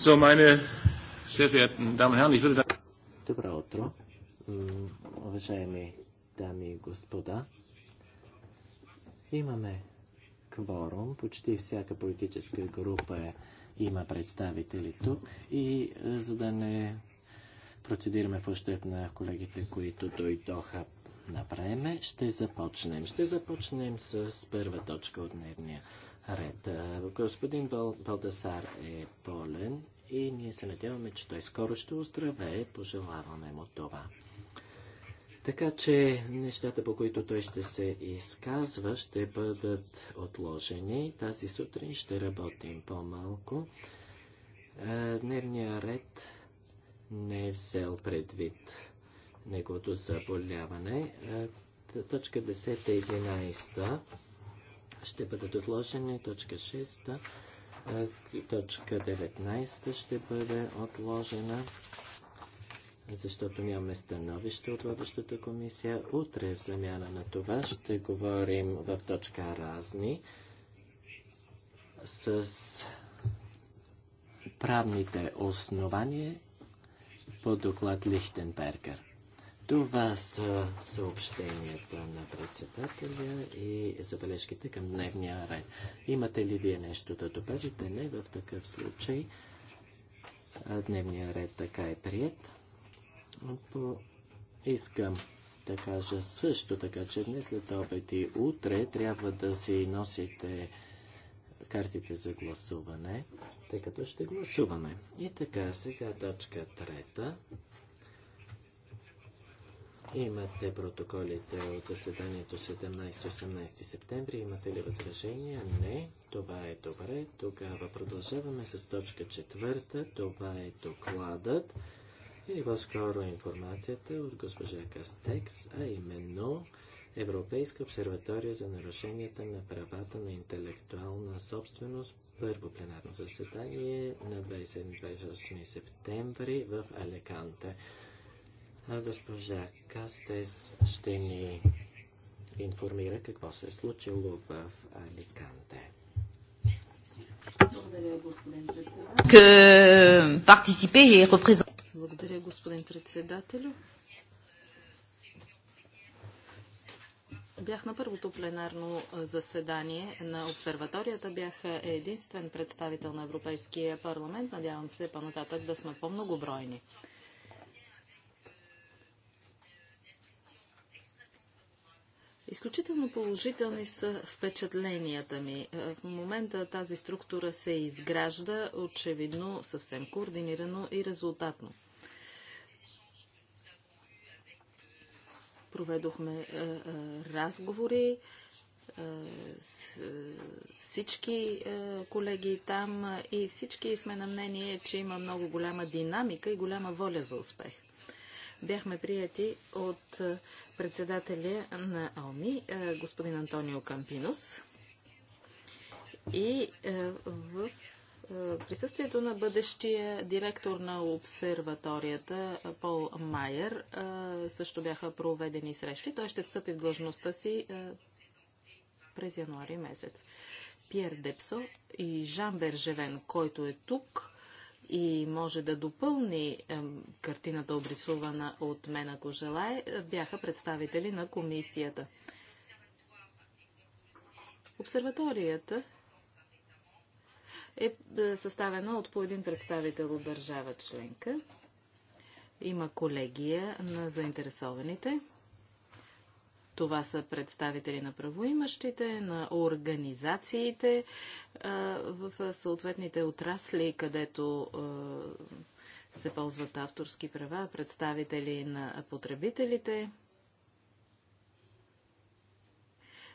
So, meine sehr verehrten Damen und Herren, ich würde da... Добро утро, уважаеми дами и господа. Имаме кворум, почти всяка политическа група е- има представители тук и е, за да не процедираме в ущърп на колегите, които дойдоха на време, ще започнем. Ще започнем с първа точка от дневния ред. Господин Балдасар е болен и ние се надяваме, че той скоро ще оздравее. Пожелаваме му това. Така че нещата, по които той ще се изказва, ще бъдат отложени. Тази сутрин ще работим по-малко. Е, Дневният ред не е взел предвид неговото заболяване. Е, точка 10 11 ще бъдат отложени. Точка 6, точка 19 ще бъде отложена, защото нямаме становище от водещата комисия. Утре в замяна на това ще говорим в точка разни с правните основания по доклад Лихтенбергер. Това са съобщенията на председателя и забележките към дневния ред. Имате ли вие нещо да добавите? Не, в такъв случай дневния ред така е прият. По... Искам да кажа също така, че днес след обед и утре трябва да си носите картите за гласуване, тъй като ще гласуваме. И така, сега точка трета. Имате протоколите от заседанието 17-18 септември. Имате ли възражения? Не. Това е добре. Тогава продължаваме с точка четвърта. Това е докладът или по-скоро информацията от госпожа Кастекс, а именно Европейска обсерватория за нарушенията на правата на интелектуална собственост. Първо пленарно заседание на 27-28 септември в Алеканте. Госпожа Кастес ще ни информира какво се е случило в Аликанте. Благодаря, господин председател. Благодаря, господин председател. Бях на първото пленарно заседание на обсерваторията. Бях единствен представител на Европейския парламент. Надявам се по-нататък да сме по-многобройни. Изключително положителни са впечатленията ми. Е, в момента тази структура се изгражда очевидно съвсем координирано и резултатно. Проведохме е, е, разговори с всички колеги там и всички сме на мнение, че има много голяма динамика и голяма воля за успех бяхме прияти от е, председателя на ОМИ, е, господин Антонио Кампинос. И е, в присъствието на бъдещия директор на обсерваторията Пол Майер също бяха проведени срещи. Той ще встъпи в длъжността си през януари месец. Пьер Депсо и Жан Бержевен, който е тук, и може да допълни картината, обрисувана от мен, ако желая, е, бяха представители на комисията. Обсерваторията е, е съставена от по един представител от държава членка. Има колегия на заинтересованите. Това са представители на правоимащите, на организациите в съответните отрасли, където се ползват авторски права, представители на потребителите,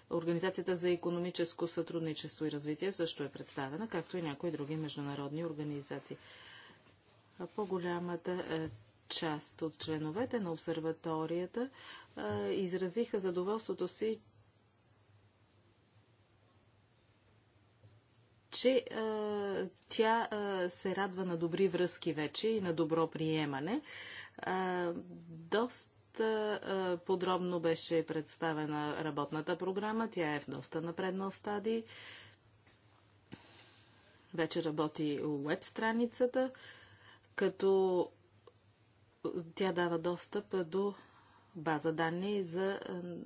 Организацията за економическо сътрудничество и развитие също е представена, както и някои други международни организации. По-голямата част от членовете на обсерваторията а, изразиха задоволството си, че а, тя а, се радва на добри връзки вече и на добро приемане. А, доста подробно беше представена работната програма. Тя е в доста напреднал стадий. Вече работи уеб страницата, като тя дава достъп до база данни за е,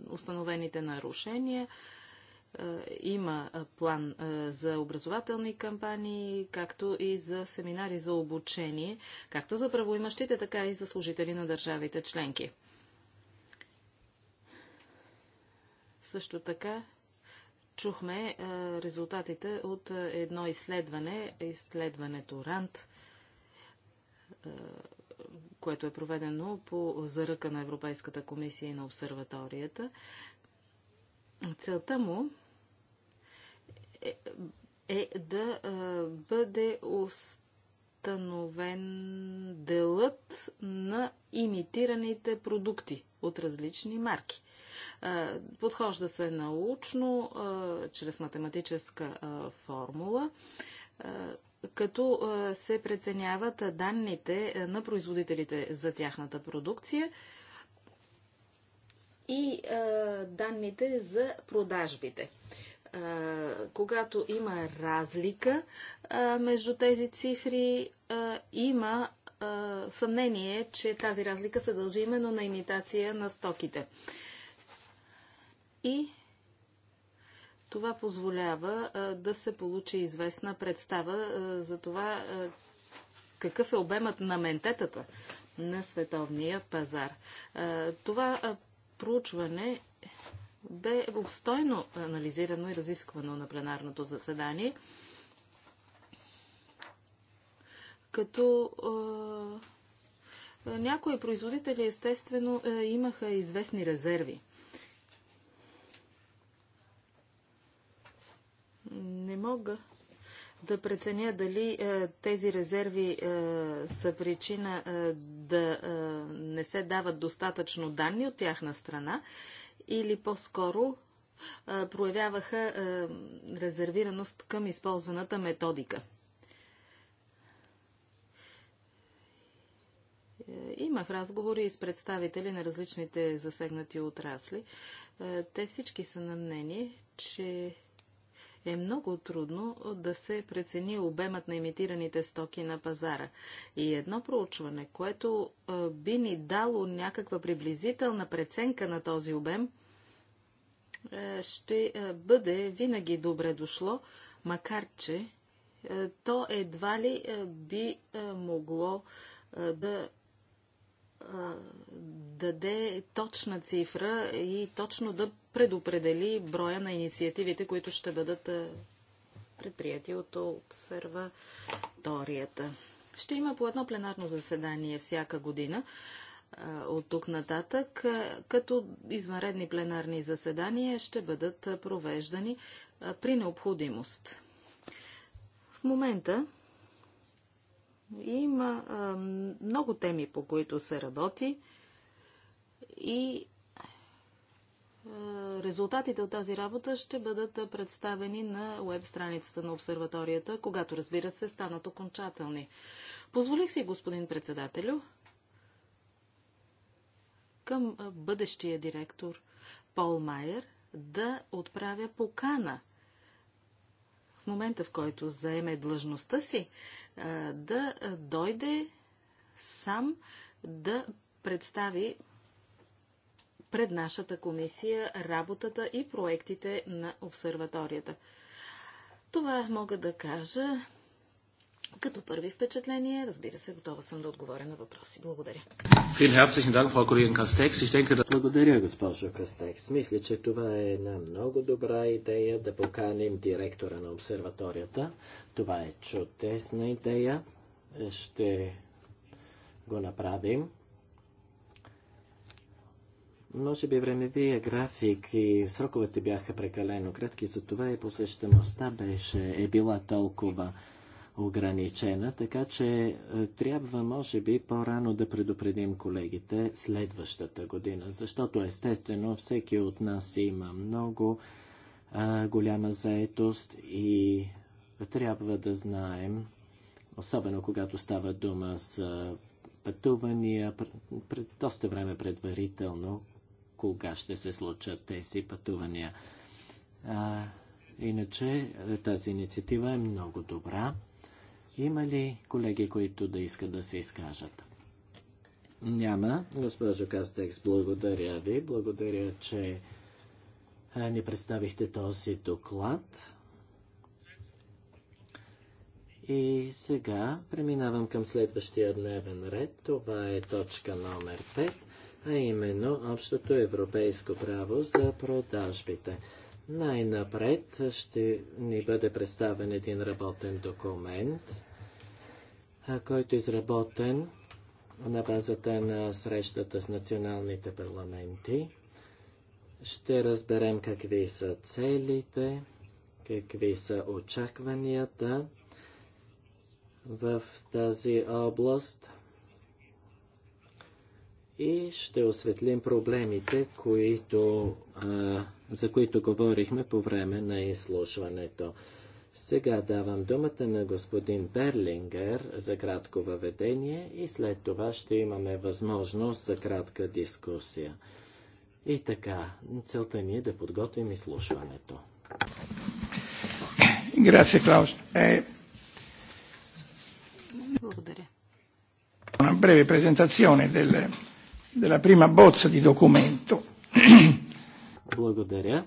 установените нарушения. Е, има е, план за образователни кампании, както и за семинари за обучение, както за правоимащите, така и за служители на държавите членки. Също така чухме резултатите от едно изследване, изследването РАНТ, което е проведено по заръка на Европейската комисия и на обсерваторията. Целта му е, е да бъде установен делът на имитираните продукти от различни марки. Подхожда се научно, чрез математическа формула като се преценяват данните на производителите за тяхната продукция и данните за продажбите когато има разлика между тези цифри, има съмнение, че тази разлика се дължи именно на имитация на стоките. И това позволява да се получи известна представа за това какъв е обемът на ментетата на световния пазар. Това проучване бе обстойно анализирано и разисквано на пленарното заседание, като някои производители естествено имаха известни резерви Не мога да преценя дали е, тези резерви е, са причина е, да е, не се дават достатъчно данни от тяхна страна или по-скоро е, проявяваха е, резервираност към използваната методика. Имах разговори и с представители на различните засегнати отрасли. Те всички са на мнение, че е много трудно да се прецени обемът на имитираните стоки на пазара. И едно проучване, което би ни дало някаква приблизителна преценка на този обем, ще бъде винаги добре дошло, макар че то едва ли би могло да даде точна цифра и точно да предопредели броя на инициативите, които ще бъдат предприяти от обсерваторията. Ще има по едно пленарно заседание всяка година от тук нататък, като извънредни пленарни заседания ще бъдат провеждани при необходимост. В момента има много теми, по които се работи и резултатите от тази работа ще бъдат представени на веб страницата на обсерваторията, когато, разбира се, станат окончателни. Позволих си, господин председателю, към бъдещия директор Пол Майер да отправя покана в момента, в който заеме длъжността си, да дойде сам да представи пред нашата комисия работата и проектите на обсерваторията. Това мога да кажа като първи впечатление, разбира се, готова съм да отговоря на въпроси. Благодаря. Благодаря, госпожо Кастекс. Мисля, че това е една много добра идея да поканим директора на обсерваторията. Това е чудесна идея. Ще го направим. Може би времевия график и сроковете бяха прекалено кратки, затова и посещаността беше, е била толкова ограничена, така че е, трябва, може би, по-рано да предупредим колегите следващата година, защото естествено всеки от нас има много а, голяма заетост и трябва да знаем, особено когато става дума с пътувания, пред, доста време предварително, кога ще се случат тези пътувания. А, иначе е, тази инициатива е много добра. Има ли колеги, които да искат да се изкажат? Няма. Госпожо Кастекс, благодаря ви. Благодаря, че ни представихте този доклад. И сега преминавам към следващия дневен ред. Това е точка номер 5, а именно общото европейско право за продажбите. Най-напред ще ни бъде представен един работен документ който е изработен на базата на срещата с националните парламенти. Ще разберем какви са целите, какви са очакванията в тази област и ще осветлим проблемите, които, а, за които говорихме по време на изслушването. Сега давам думата на господин Берлингер за кратко въведение и след това ще имаме възможност за кратка дискусия. И така, целта ни е да подготвим изслушването. Грация, Клаус. Е... Благодаря. Una breve presentazione della prima bozza di documento. Благодаря.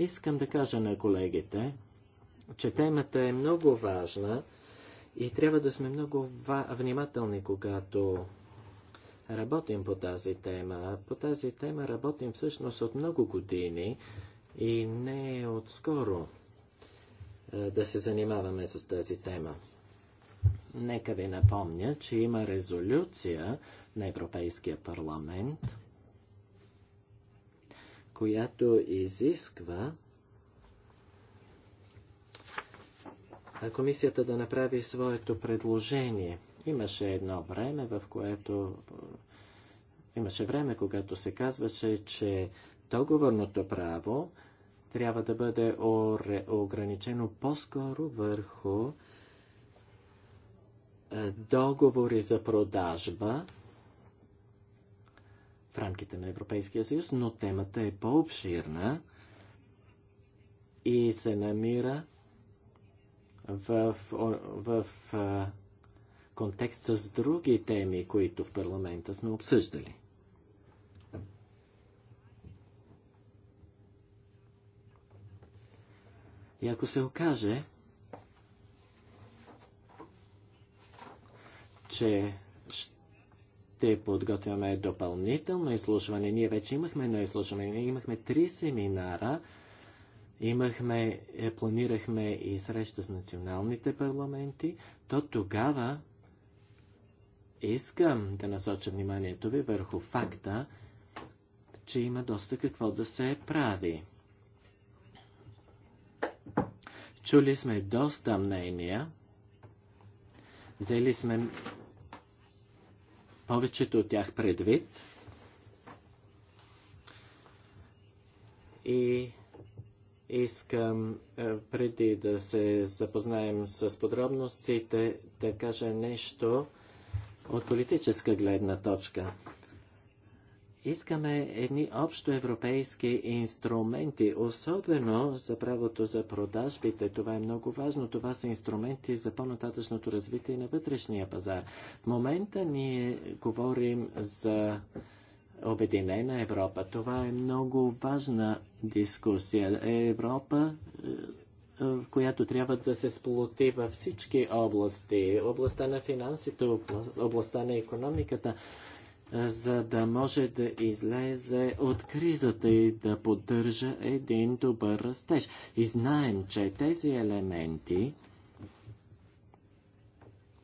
Искам да кажа на колегите, че темата е много важна и трябва да сме много внимателни, когато работим по тази тема. По тази тема работим всъщност от много години и не е отскоро да се занимаваме с тази тема. Нека ви напомня, че има резолюция на Европейския парламент – която изисква комисията да направи своето предложение. Имаше едно време, в което имаше време, когато се казваше, че договорното право трябва да бъде ограничено по-скоро върху е, договори за продажба в рамките на Европейския съюз, но темата е по-обширна и се намира в, в, в контекст с други теми, които в парламента сме обсъждали. И ако се окаже, че ще ще подготвяме допълнително изслушване. Ние вече имахме едно изслушване. Ние имахме три семинара. Имахме, е, планирахме и среща с националните парламенти. То тогава искам да насоча вниманието ви върху факта, че има доста какво да се прави. Чули сме доста мнения, взели сме повечето от тях предвид. И искам е, преди да се запознаем с подробностите да кажа нещо от политическа гледна точка. Искаме едни общо европейски инструменти, особено за правото за продажбите. Това е много важно. Това са инструменти за по-нататъчното развитие на вътрешния пазар. В момента ние говорим за Обединена Европа. Това е много важна дискусия. Е Европа, е, в която трябва да се сплоти във всички области. Областта на финансите, областта на економиката за да може да излезе от кризата и да поддържа един добър растеж. И знаем, че тези елементи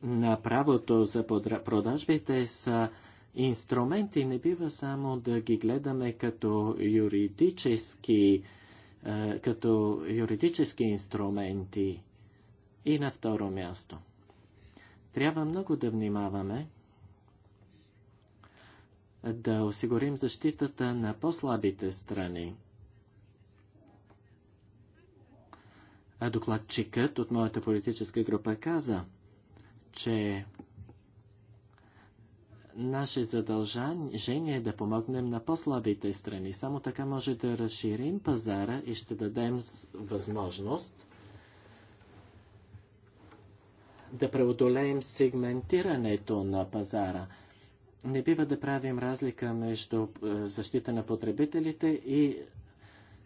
на правото за продажбите са инструменти. Не бива само да ги гледаме като юридически, е, като юридически инструменти. И на второ място. Трябва много да внимаваме, да осигурим защитата на по-слабите страни. А докладчикът от моята политическа група каза, че наше задължение е да помогнем на по-слабите страни. Само така може да разширим пазара и ще дадем възможност да преодолеем сегментирането на пазара – не бива да правим разлика между е, защита на потребителите и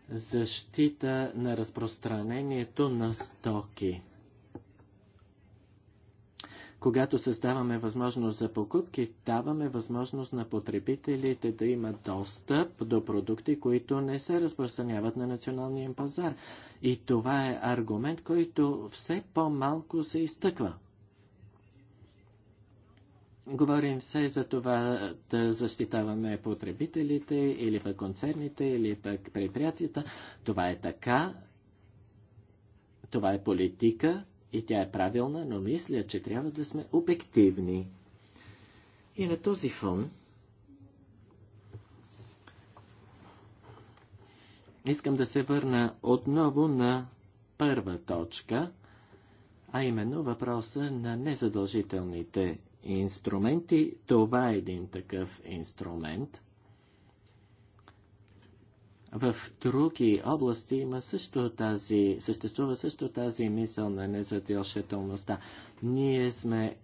защита на разпространението на стоки. Когато създаваме възможност за покупки, даваме възможност на потребителите да имат достъп до продукти, които не се разпространяват на националния пазар. И това е аргумент, който все по-малко се изтъква. Говорим все за това да защитаваме потребителите или пък концерните, или пък предприятията. Това е така, това е политика и тя е правилна, но мисля, че трябва да сме обективни. И на този фон искам да се върна отново на първа точка, а именно въпроса на незадължителните инструменти. Това е един такъв инструмент. В други области има също тази, съществува също тази мисъл на незадължителността. Ние сме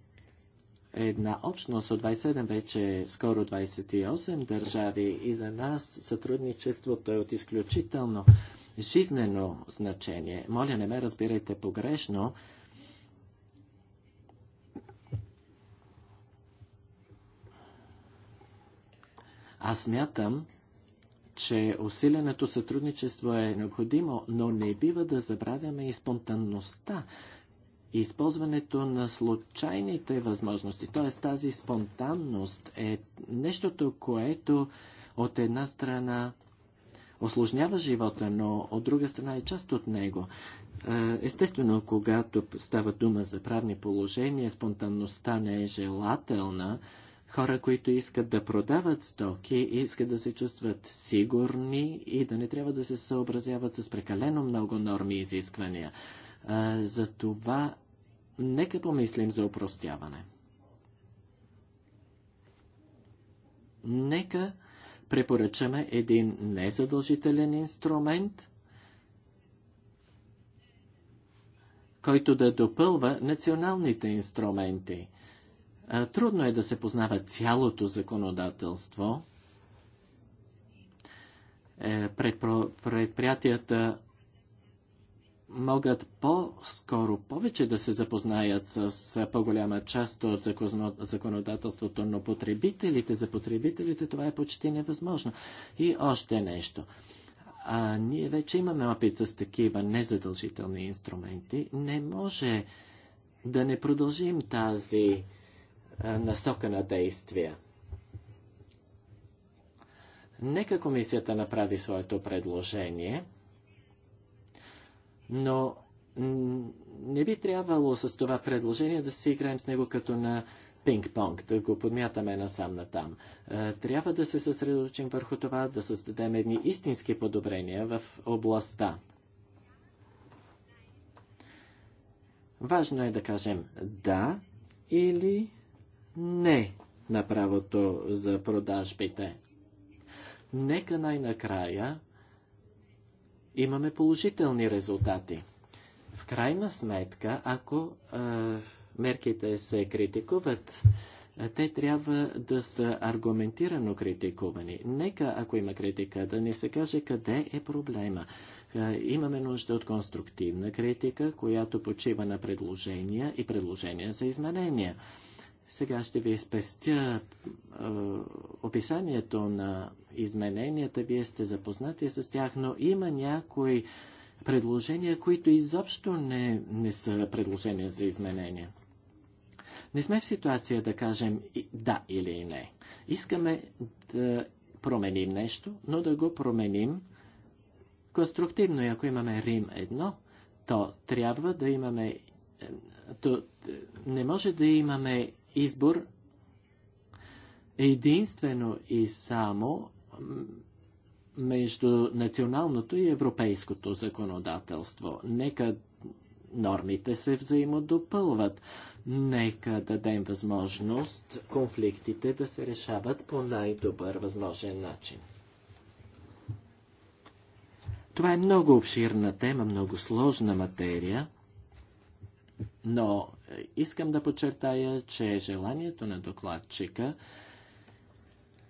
една общност от 27, вече скоро 28 държави и за нас сътрудничеството е от изключително жизнено значение. Моля, не ме разбирайте погрешно, Аз мятам, че усиленото сътрудничество е необходимо, но не бива да забравяме и спонтанността, използването на случайните възможности. Т.е. тази спонтанност е нещото, което от една страна осложнява живота, но от друга страна е част от него. Е, естествено, когато става дума за правни положения, спонтанността не е желателна, хора, които искат да продават стоки, искат да се чувстват сигурни и да не трябва да се съобразяват с прекалено много норми и изисквания. Затова, за това нека помислим за упростяване. Нека препоръчаме един незадължителен инструмент, който да допълва националните инструменти. Е, трудно е да се познава цялото законодателство. Е, предприятията могат по-скоро повече да се запознаят с е, по-голяма част от законодателството, но потребителите, за потребителите това е почти невъзможно. И още нещо. А, ние вече имаме опит с такива незадължителни инструменти. Не може да не продължим тази насока на действия. Нека комисията направи своето предложение, но не би трябвало с това предложение да си играем с него като на пинг-понг, да го подмятаме насам натам. Трябва да се съсредоточим върху това, да създадем едни истински подобрения в областта. Важно е да кажем да или не на правото за продажбите. Нека най-накрая имаме положителни резултати. В крайна сметка, ако а, мерките се критикуват, те трябва да са аргументирано критикувани. Нека, ако има критика, да ни се каже къде е проблема. Имаме нужда от конструктивна критика, която почива на предложения и предложения за изменения. Сега ще ви спестя е, описанието на измененията. Вие сте запознати с тях, но има някои предложения, които изобщо не, не са предложения за изменения. Не сме в ситуация да кажем да или не. Искаме да променим нещо, но да го променим конструктивно. И ако имаме Рим 1, то трябва да имаме. То, не може да имаме избор единствено и само между националното и европейското законодателство. Нека нормите се взаимодопълват. Нека дадем възможност конфликтите да се решават по най-добър възможен начин. Това е много обширна тема, много сложна материя. Но е, искам да подчертая, че желанието на докладчика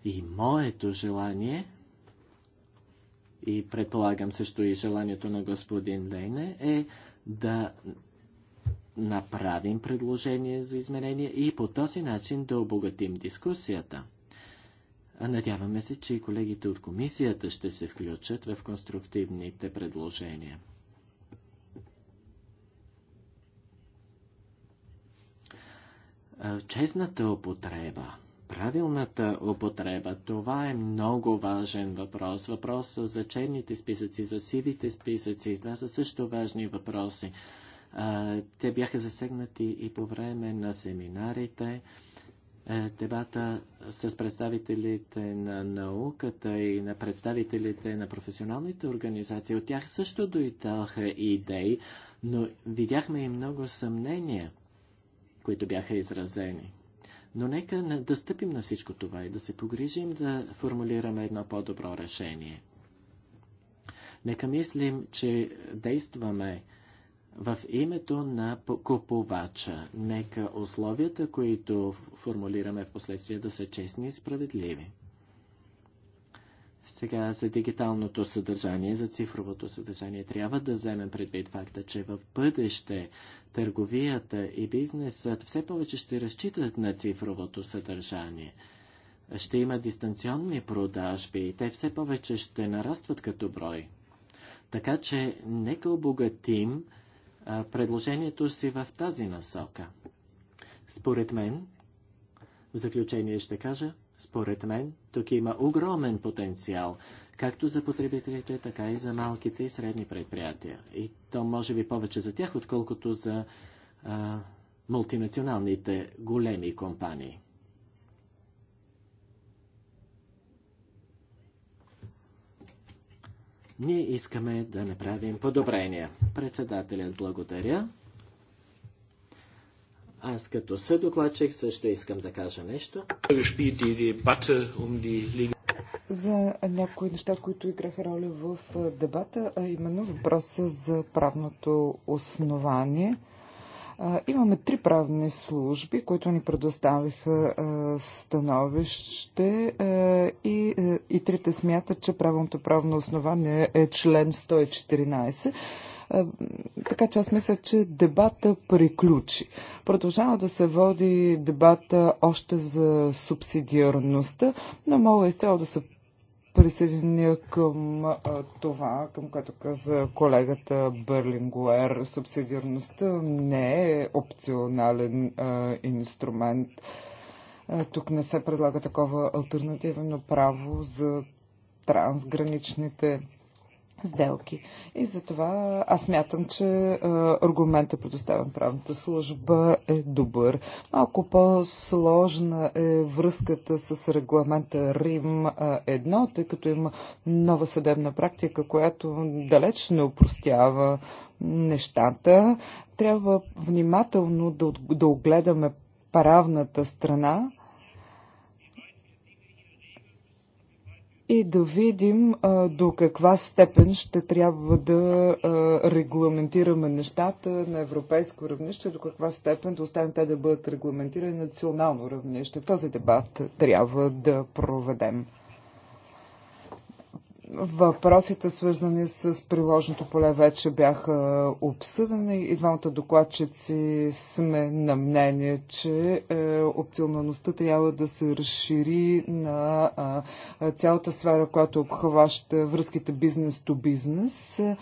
и моето желание и предполагам също и желанието на господин Лейне е да направим предложение за изменение и по този начин да обогатим дискусията. Надяваме се, че и колегите от комисията ще се включат в конструктивните предложения. Е, честната употреба, правилната употреба, това е много важен въпрос. Въпрос за черните списъци, за сивите списъци, това са също важни въпроси. Е, те бяха засегнати и по време на семинарите е, дебата с представителите на науката и на представителите на професионалните организации. От тях също дойдоха идеи, но видяхме и много съмнения които бяха изразени. Но нека да стъпим на всичко това и да се погрижим да формулираме едно по-добро решение. Нека мислим, че действаме в името на купувача. Нека условията, които формулираме в последствие, да са честни и справедливи. Сега за дигиталното съдържание, за цифровото съдържание трябва да вземем предвид факта, че в бъдеще търговията и бизнесът все повече ще разчитат на цифровото съдържание. Ще има дистанционни продажби и те все повече ще нарастват като брой. Така че нека обогатим предложението си в тази насока. Според мен, в заключение ще кажа, според мен, тук има огромен потенциал, както за потребителите, така и за малките и средни предприятия. И то може би повече за тях, отколкото за а, мултинационалните големи компании. Ние искаме да направим подобрения. Председателят благодаря. Аз като съдокладчик също искам да кажа нещо. За някои неща, които играха роля в дебата, а именно въпроса за правното основание. Имаме три правни служби, които ни предоставиха становище и, и трите смятат, че правното правно основание е член 114. Е, така че аз мисля, че дебата приключи. Продължава да се води дебата още за субсидиарността, но мога изцяло да се присъединя към а, това, към което каза колегата Берлингуер. Субсидиарността не е опционален а, инструмент. А, тук не се предлага такова альтернативно право за трансграничните сделки. И затова аз мятам, че е, аргумента предоставен правната служба е добър. Малко по-сложна е връзката с регламента Рим 1, е, тъй като има нова съдебна практика, която далеч не упростява нещата. Трябва внимателно да, да огледаме правната страна и да видим а, до каква степен ще трябва да а, регламентираме нещата на европейско равнище, до каква степен да оставим те да бъдат регламентирани на национално равнище. Този дебат трябва да проведем. Въпросите, свързани с приложното поле, вече бяха обсъдени и двамата докладчици сме на мнение, че е, опционалността трябва да се разшири на цялата сфера, която обхваща връзките бизнес то бизнес. Е,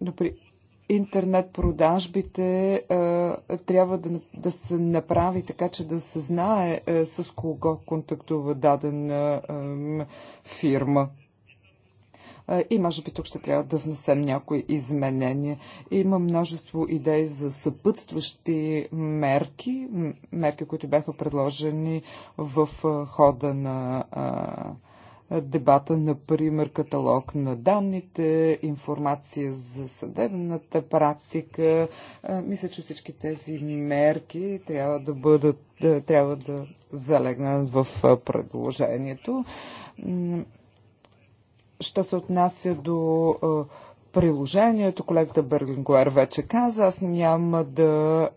Например, интернет продажбите трябва да, да се направи така, че да се знае с кого контактува дадена фирма. И може би тук ще трябва да внесем някои изменения. Има множество идеи за съпътстващи мерки, мерки, които бяха предложени в хода на а, дебата, например, каталог на данните, информация за съдебната практика. Мисля, че всички тези мерки трябва да бъдат, трябва да залегнат в предложението. Що се отнася до приложението, колегата Берлингуер вече каза, аз няма да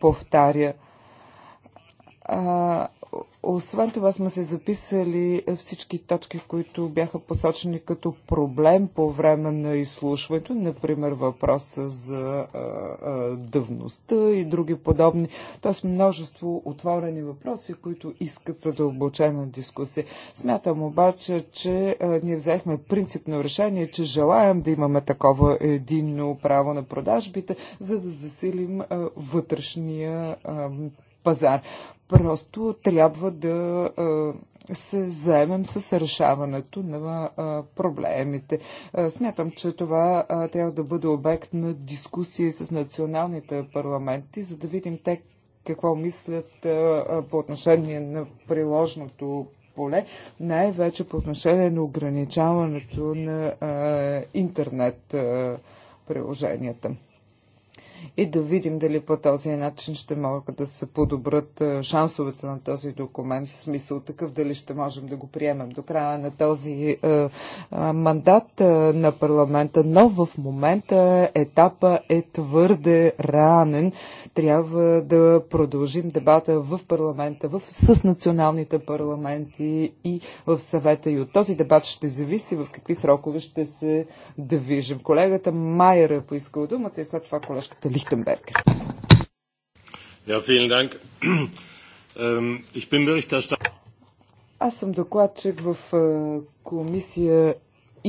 повтаря освен това сме се записали всички точки, които бяха посочени като проблем по време на изслушването, например въпроса за а, а, дъвността и други подобни. Тоест множество отворени въпроси, които искат задълбочена дискусия. Смятам обаче, че а, ние взехме принципно решение, че желаем да имаме такова единно право на продажбите, за да засилим а, вътрешния а, пазар. Просто трябва да се заемем с решаването на проблемите. Смятам, че това трябва да бъде обект на дискусии с националните парламенти, за да видим те какво мислят по отношение на приложното поле, най-вече по отношение на ограничаването на интернет приложенията и да видим дали по този начин ще могат да се подобрат е, шансовете на този документ, в смисъл такъв дали ще можем да го приемем до края на този е, е, мандат на парламента. Но в момента етапа е твърде ранен. Трябва да продължим дебата в парламента, в, с националните парламенти и в съвета. И от този дебат ще зависи в какви срокове ще се движим. Колегата Майера поискал думата и след това колежката Kollege Lichtenberger. Ja, vielen Dank. Ich bin Berichterstatter. Аз съм докладчик в комисия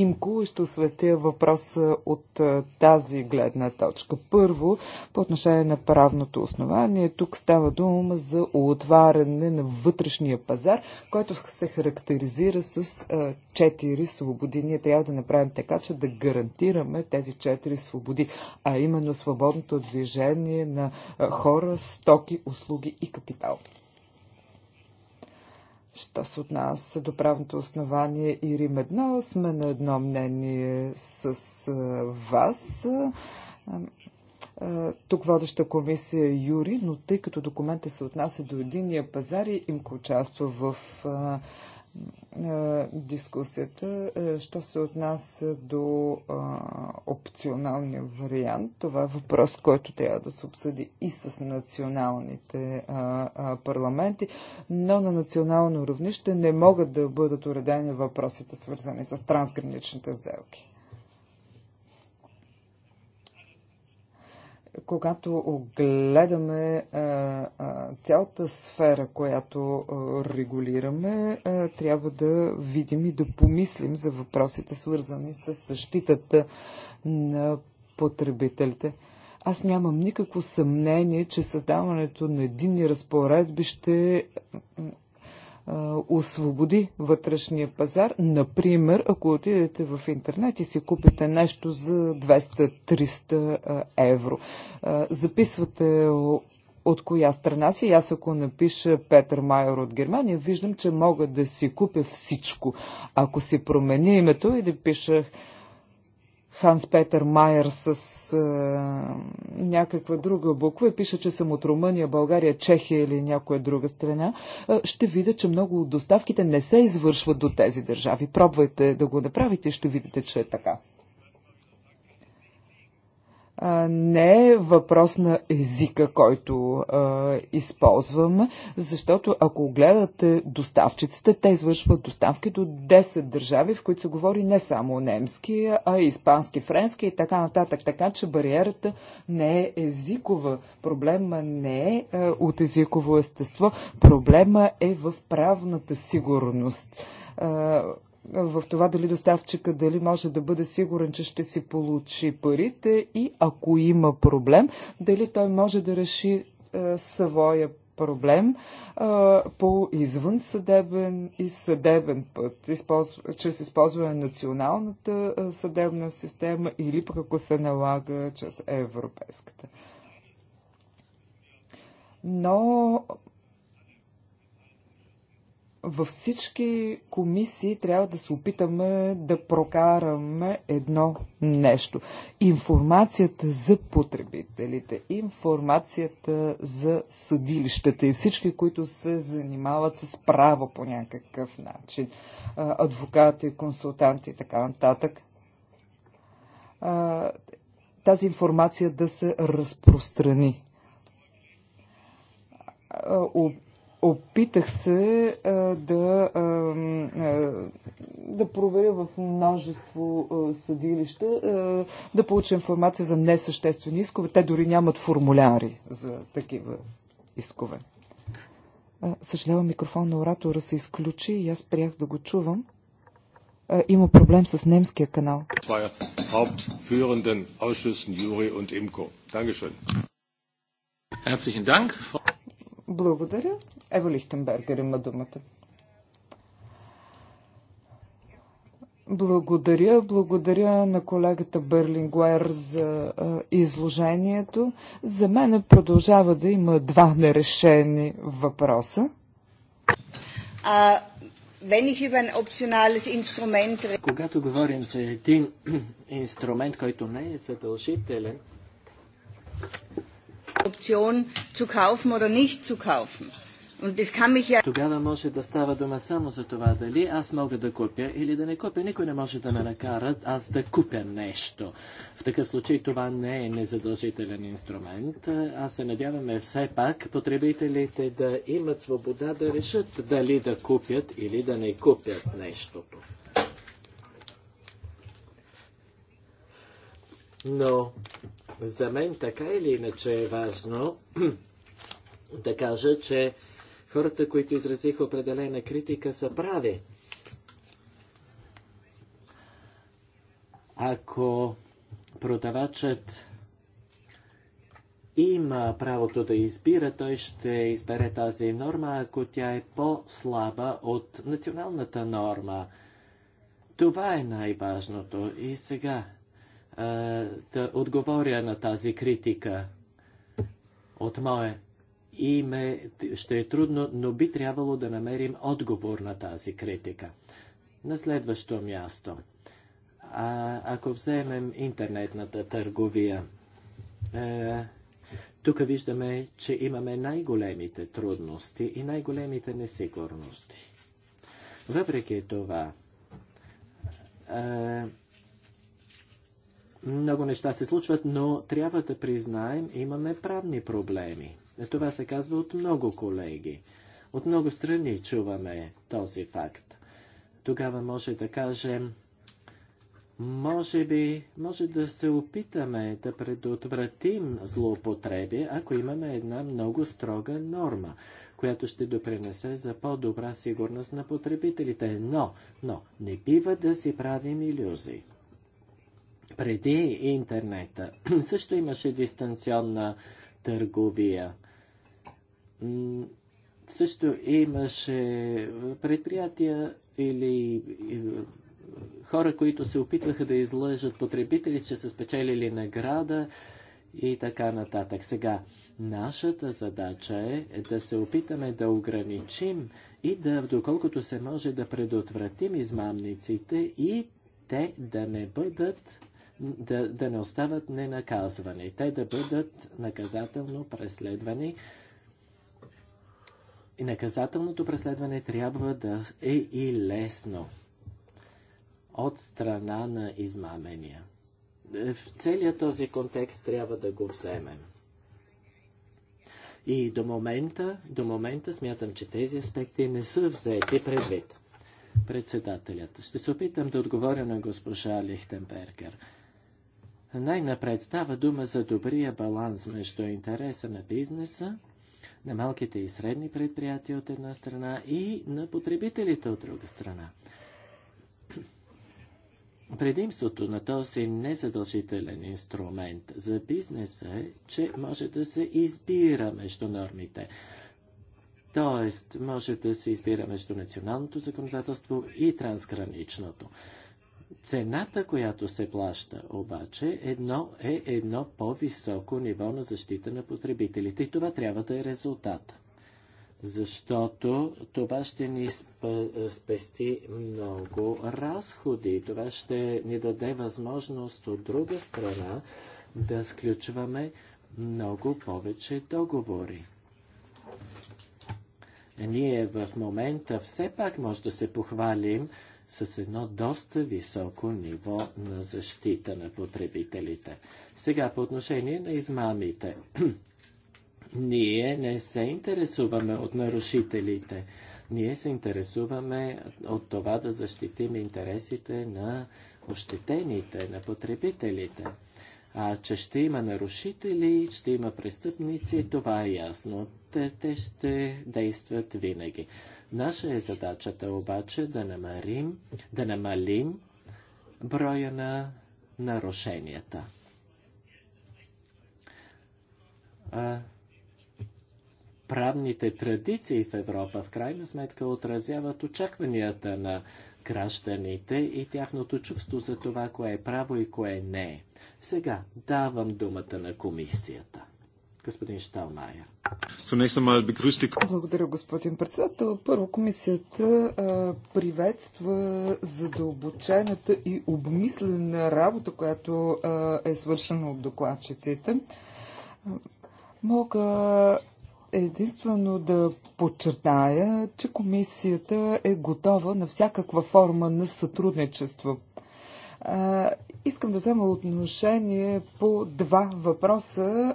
имко и ще осветя въпроса от тази гледна точка. Първо, по отношение на правното основание, тук става дума за отваряне на вътрешния пазар, който се характеризира с четири свободи. Ние трябва да направим така, че да гарантираме тези четири свободи, а именно свободното движение на хора, стоки, услуги и капитал. Що се отнася до правното основание и Рим едно, сме на едно мнение с вас. Тук водеща комисия е Юри, но тъй като документа се отнася до единия пазар и имко участва в дискусията, е, що се отнася до а, опционалния вариант. Това е въпрос, който трябва да се обсъди и с националните а, а, парламенти, но на национално равнище не могат да бъдат уредени въпросите, свързани с трансграничните сделки. когато огледаме а, а, цялата сфера, която а, регулираме, а, трябва да видим и да помислим за въпросите, свързани с защитата на потребителите. Аз нямам никакво съмнение, че създаването на единни разпоредби ще освободи вътрешния пазар. Например, ако отидете в интернет и си купите нещо за 200-300 евро. Записвате от коя страна си. Аз ако напиша Петър Майор от Германия, виждам, че мога да си купя всичко. Ако си променя името и да пиша Ханс Петър Майер с а, е, някаква друга буква и пише, че съм от Румъния, България, Чехия или някоя друга страна, а, е, ще видя, че много от доставките не се извършват до тези държави. Пробвайте да го направите и ще видите, че е така не е въпрос на езика, който а, използвам, защото ако гледате доставчиците, те извършват доставки до 10 държави, в които се говори не само немски, а и испански, френски и така нататък. Така че бариерата не е езикова. Проблема не е а, е, от езиково естество. Проблема е в правната сигурност. А, в това дали доставчика дали може да бъде сигурен, че ще си получи парите и ако има проблем, дали той може да реши е, своя проблем е, по извън съдебен и съдебен път, използв... чрез използване на националната е, съдебна система или пък ако се налага чрез европейската. Но във всички комисии трябва да се опитаме да прокараме едно нещо. Информацията за потребителите, информацията за съдилищата и всички, които се занимават с право по някакъв начин, адвокати, консултанти и така нататък, тази информация да се разпространи Опитах се а, да, а, да проверя в множество а, съдилища, а, да получа информация за несъществени искове. Те дори нямат формуляри за такива искове. А, съжалявам, микрофон на оратора се изключи и аз приях да го чувам. А, има проблем с немския канал. Herzlichen Dank. Благодаря. Ева Лихтенбергер има думата. Благодаря. Благодаря на колегата Берлингуер за а, изложението. За мен продължава да има два нерешени въпроса. А, instrument... Когато говорим за един инструмент, който не е задължителен, Option zu kaufen oder nicht zu kaufen. Тогава може да става дума само за това дали аз мога да купя или да не купя. Никой не може да ме накара аз да купя нещо. В такъв случай това не е незадължителен инструмент. Аз се надяваме все пак потребителите да имат свобода да решат дали да купят или да не купят нещото. Но за мен така или иначе е важно да кажа, че хората, които изразиха определена критика, са прави. Ако продавачът има правото да избира, той ще избере тази норма, ако тя е по-слаба от националната норма. Това е най-важното. И сега а, да отговоря на тази критика от мое име. Ще е трудно, но би трябвало да намерим отговор на тази критика. На следващо място. А, ако вземем интернетната търговия, е, тук виждаме, че имаме най-големите трудности и най-големите несигурности. Въпреки това, е, много неща се случват, но трябва да признаем, имаме правни проблеми. Това се казва от много колеги. От много страни чуваме този факт. Тогава може да кажем, може би, може да се опитаме да предотвратим злоупотреби, ако имаме една много строга норма, която ще допринесе за по-добра сигурност на потребителите. Но, но, не бива да си правим иллюзии преди интернета. Също имаше дистанционна търговия. Също имаше предприятия или хора, които се опитваха да излъжат потребители, че са спечелили награда и така нататък. Сега, нашата задача е да се опитаме да ограничим и да, доколкото се може, да предотвратим измамниците и те да не бъдат да, да не остават ненаказвани. Те да бъдат наказателно преследвани. И наказателното преследване трябва да е и лесно от страна на измамения. Е, в целият този контекст трябва да го вземем. И до момента, до момента смятам, че тези аспекти не са взети предвид. Председателят. Ще се опитам да отговоря на госпожа Лихтенбергер. Най-напред става дума за добрия баланс между интереса на бизнеса, на малките и средни предприятия от една страна и на потребителите от друга страна. Предимството на този незадължителен инструмент за бизнеса е, че може да се избира между нормите. Тоест, може да се избира между националното законодателство и трансграничното. Цената, която се плаща обаче, едно е едно по-високо ниво на защита на потребителите и това трябва да е резултат. Защото това ще ни е, спести много разходи. Това ще ни даде възможност от друга страна да сключваме много повече договори. Ние в момента все пак може да се похвалим, с едно доста високо ниво на защита на потребителите. Сега по отношение на измамите. Ние не се интересуваме от нарушителите. Ние се интересуваме от това да защитим интересите на ощетените, на потребителите. А че ще има нарушители, ще има престъпници, това е ясно. Те, те ще действат винаги. Наша е задачата обаче да намалим, да намалим броя на нарушенията. А, правните традиции в Европа в крайна сметка отразяват очакванията на гражданите и тяхното чувство за това, кое е право и кое не е. Сега давам думата на комисията. Господин Шталмайер. Благодаря, господин председател. Първо, комисията а, приветства задълбочената и обмислена работа, която а, е свършена от докладчиците. Мога единствено да подчертая, че комисията е готова на всякаква форма на сътрудничество. А, искам да взема отношение по два въпроса.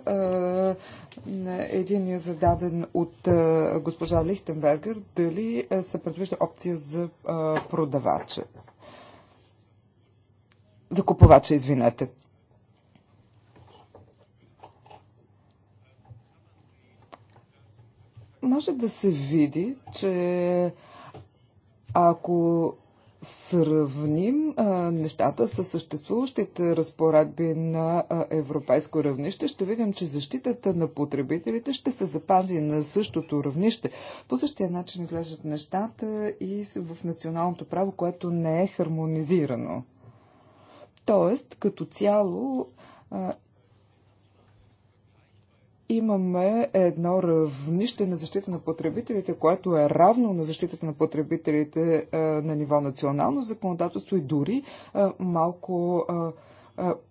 Един е зададен от а, госпожа Лихтенбергер. Дали а, се предвижда опция за продавача? За купувача, извинете. може да се види, че ако сравним а, нещата с съществуващите разпоредби на а, европейско равнище, ще видим, че защитата на потребителите ще се запази на същото равнище. По същия начин излежат нещата и в националното право, което не е хармонизирано. Тоест, като цяло, а, имаме едно равнище на защита на потребителите, което е равно на защитата на потребителите е, на ниво национално законодателство и дори е, малко е,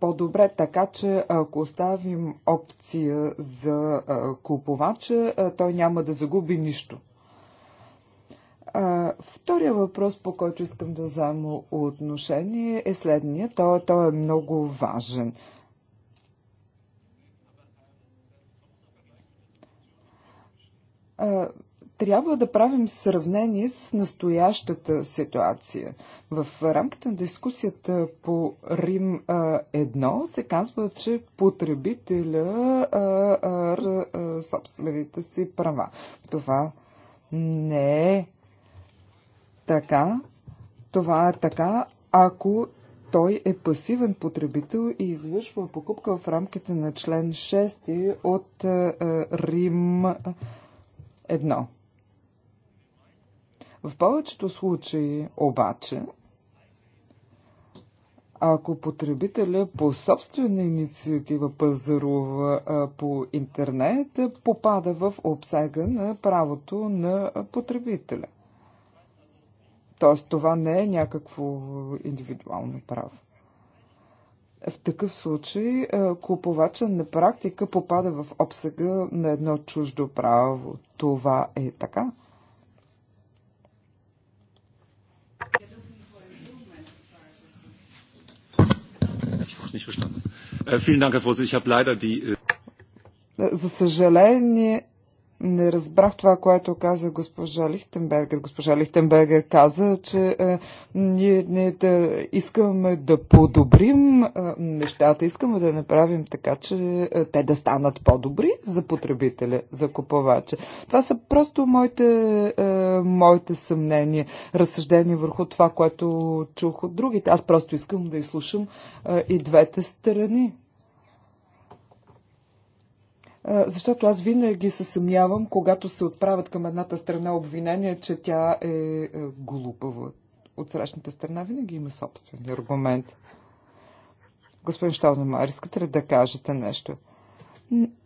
по-добре, така че ако оставим опция за купувача, той няма да загуби нищо. Втория въпрос, по който искам да взема отношение е следния. Той, той е много важен. трябва да правим сравнение с настоящата ситуация. В рамките на дискусията по Рим 1 се казва, че потребителя а, а, собствените си права. Това не е така. Това е така, ако той е пасивен потребител и извършва покупка в рамките на член 6 от Рим едно. В повечето случаи обаче, ако потребителя по собствена инициатива пазарува по интернет, попада в обсега на правото на потребителя. Тоест това не е някакво индивидуално право. В такъв случай е, купувача на практика попада в обсега на едно чуждо право. Това е така. Äh, äh За съжаление, не разбрах това, което каза госпожа Лихтенбергер. Госпожа Лихтенбергер каза, че е, ние не да искаме да подобрим е, нещата, искаме да направим така, че е, те да станат по-добри за потребителя, за купувача. Това са просто моите, е, моите съмнения, разсъждения върху това, което чух от другите. Аз просто искам да изслушам е, и двете страни защото аз винаги се съмнявам, когато се отправят към едната страна обвинения, че тя е, е глупава. От срещната страна винаги има собствени аргумент. Господин Шталнамар, искате ли да кажете нещо?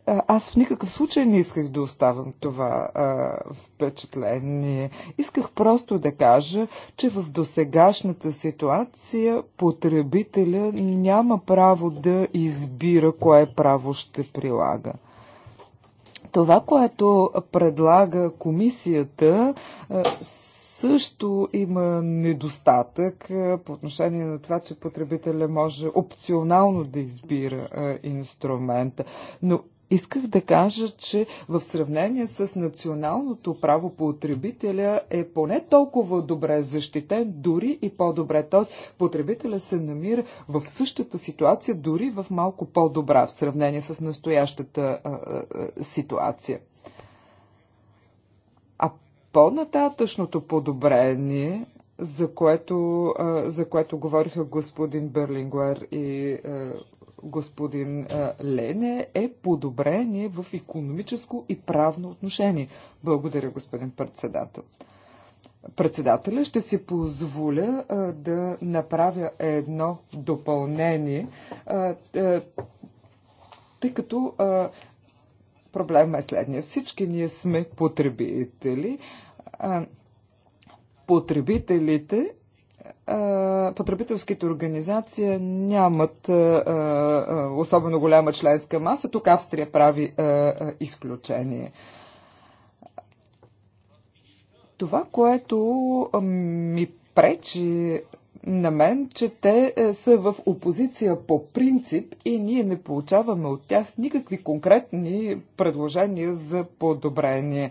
Аз в никакъв случай не исках да оставам това а, впечатление. Исках просто да кажа, че в досегашната ситуация потребителя няма право да избира кое право ще прилага. Това, което предлага комисията, е, също има недостатък е, по отношение на това, че потребителя може опционално да избира е, инструмента. Но Исках да кажа, че в сравнение с националното право потребителя е поне толкова добре защитен, дори и по-добре. Т.е. потребителя се намира в същата ситуация, дори в малко по-добра в сравнение с настоящата а, а, ситуация. А по-нататъчното подобрение за което, за което говориха господин Берлингуер и господин е, Лене, е подобрение в економическо и правно отношение. Благодаря, господин председател. Председателя ще си позволя е, да направя едно допълнение, е, тъй като проблема е следния. Всички ние сме потребители. потребителите потребителските организации нямат особено голяма членска маса. Тук Австрия прави изключение. Това, което ми пречи на мен, че те са в опозиция по принцип и ние не получаваме от тях никакви конкретни предложения за подобрение.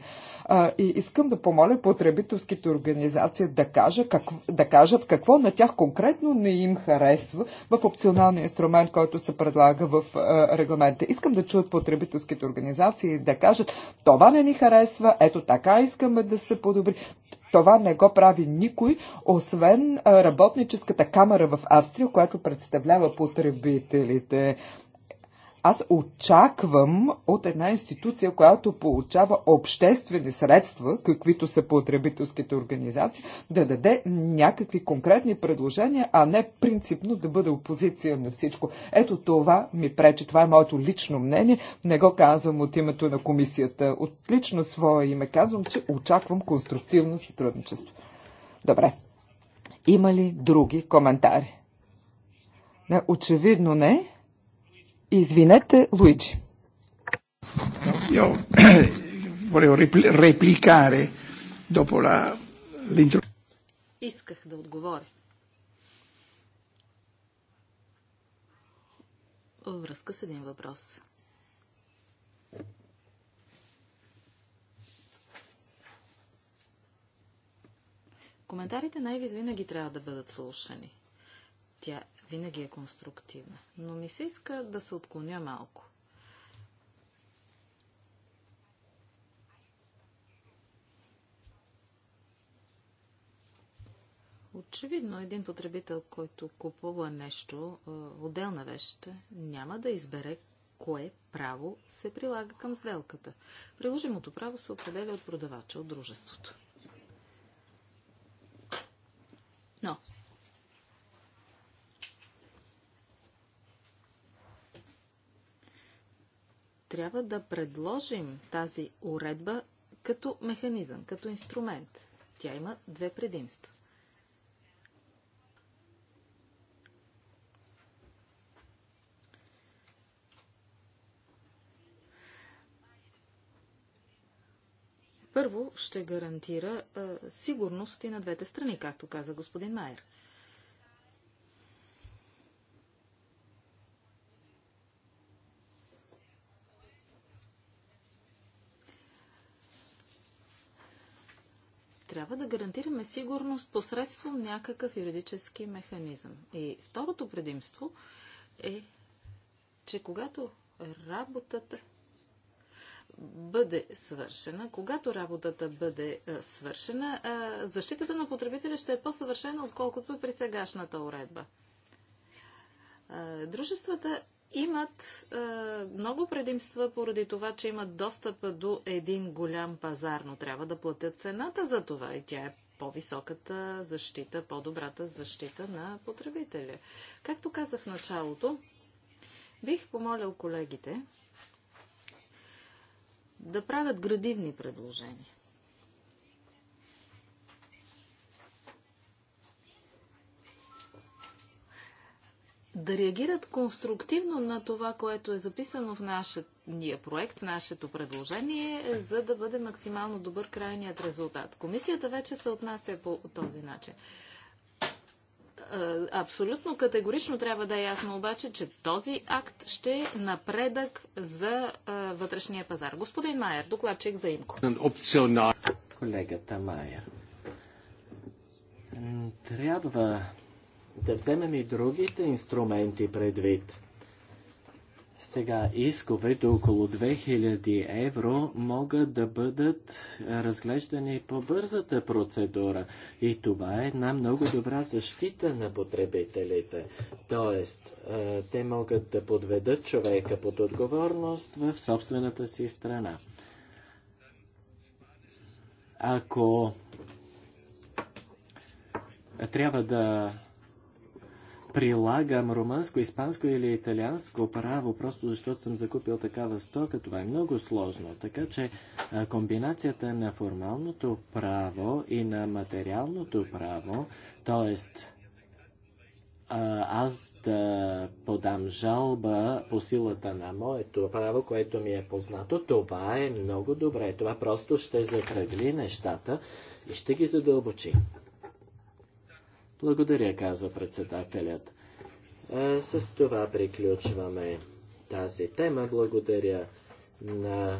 И искам да помоля потребителските организации да, кажа как, да кажат какво на тях конкретно не им харесва в опционалния инструмент, който се предлага в регламента. Искам да чуят потребителските организации да кажат това не ни харесва, ето така искаме да се подобри. Това не го прави никой, освен работническата камера в Австрия, която представлява потребителите. Аз очаквам от една институция, която получава обществени средства, каквито са потребителските организации, да даде някакви конкретни предложения, а не принципно да бъде опозиция на всичко. Ето това ми пречи. Това е моето лично мнение. Не го казвам от името на комисията. От лично свое име казвам, че очаквам конструктивно сътрудничество. Добре. Има ли други коментари? Не, очевидно не. Извинете, Луиджи. Исках да отговоря. Във връзка с един въпрос. Коментарите най-винаги трябва да бъдат слушани. Тя винаги е конструктивна. Но ми се иска да се отклоня малко. Очевидно, един потребител, който купува нещо, отделна вещ, няма да избере кое право се прилага към сделката. Приложимото право се определя от продавача, от дружеството. Но трябва да предложим тази уредба като механизъм, като инструмент. Тя има две предимства. Първо ще гарантира а, сигурност и на двете страни, както каза господин Майер. трябва да гарантираме сигурност посредством някакъв юридически механизъм. И второто предимство е, че когато работата бъде свършена, когато работата бъде свършена, защитата на потребителя ще е по-съвършена, отколкото при сегашната уредба. дружествата имат е, много предимства поради това, че имат достъпа до един голям пазар, но трябва да платят цената за това и тя е по-високата защита, по-добрата защита на потребителя. Както казах в началото, бих помолил колегите да правят градивни предложения. да реагират конструктивно на това, което е записано в нашия проект, в нашето предложение, за да бъде максимално добър крайният резултат. Комисията вече се отнася по този начин. Абсолютно категорично трябва да е ясно обаче, че този акт ще е напредък за вътрешния пазар. Господин Майер, докладчик за имко. Колегата Майер. Трябва да вземем и другите инструменти предвид. Сега исковете около 2000 евро могат да бъдат разглеждани по бързата процедура. И това е една много добра защита на потребителите. Тоест, е, те могат да подведат човека под отговорност в собствената си страна. Ако трябва да прилагам румънско, испанско или италианско право, просто защото съм закупил такава стока. Това е много сложно. Така че комбинацията на формалното право и на материалното право, т.е. аз да подам жалба по силата на моето право, което ми е познато, това е много добре. Това просто ще закръгли нещата и ще ги задълбочи. Благодаря, казва председателят. А, с това приключваме тази тема. Благодаря на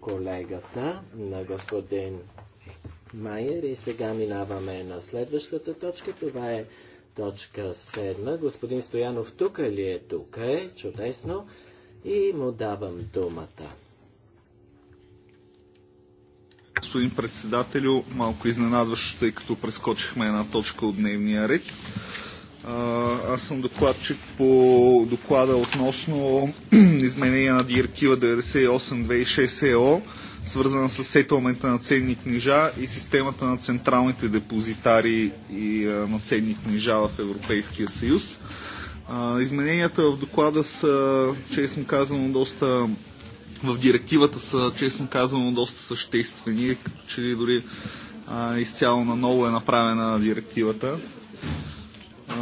колегата, на господин Майер. И сега минаваме на следващата точка. Това е точка 7. Господин Стоянов тук ли е? Тук е. Чудесно. И му давам думата. Господин председателю, малко изненадващо, тъй като прескочихме една точка от дневния ред. Аз съм докладчик по доклада относно изменение на директива 98-26 ЕО, свързана с сетълмента на ценни книжа и системата на централните депозитари и на ценни книжа в Европейския съюз. Измененията в доклада са, честно казано, доста в директивата са, честно казано, доста съществени, като че ли дори а, изцяло наново е направена директивата. А,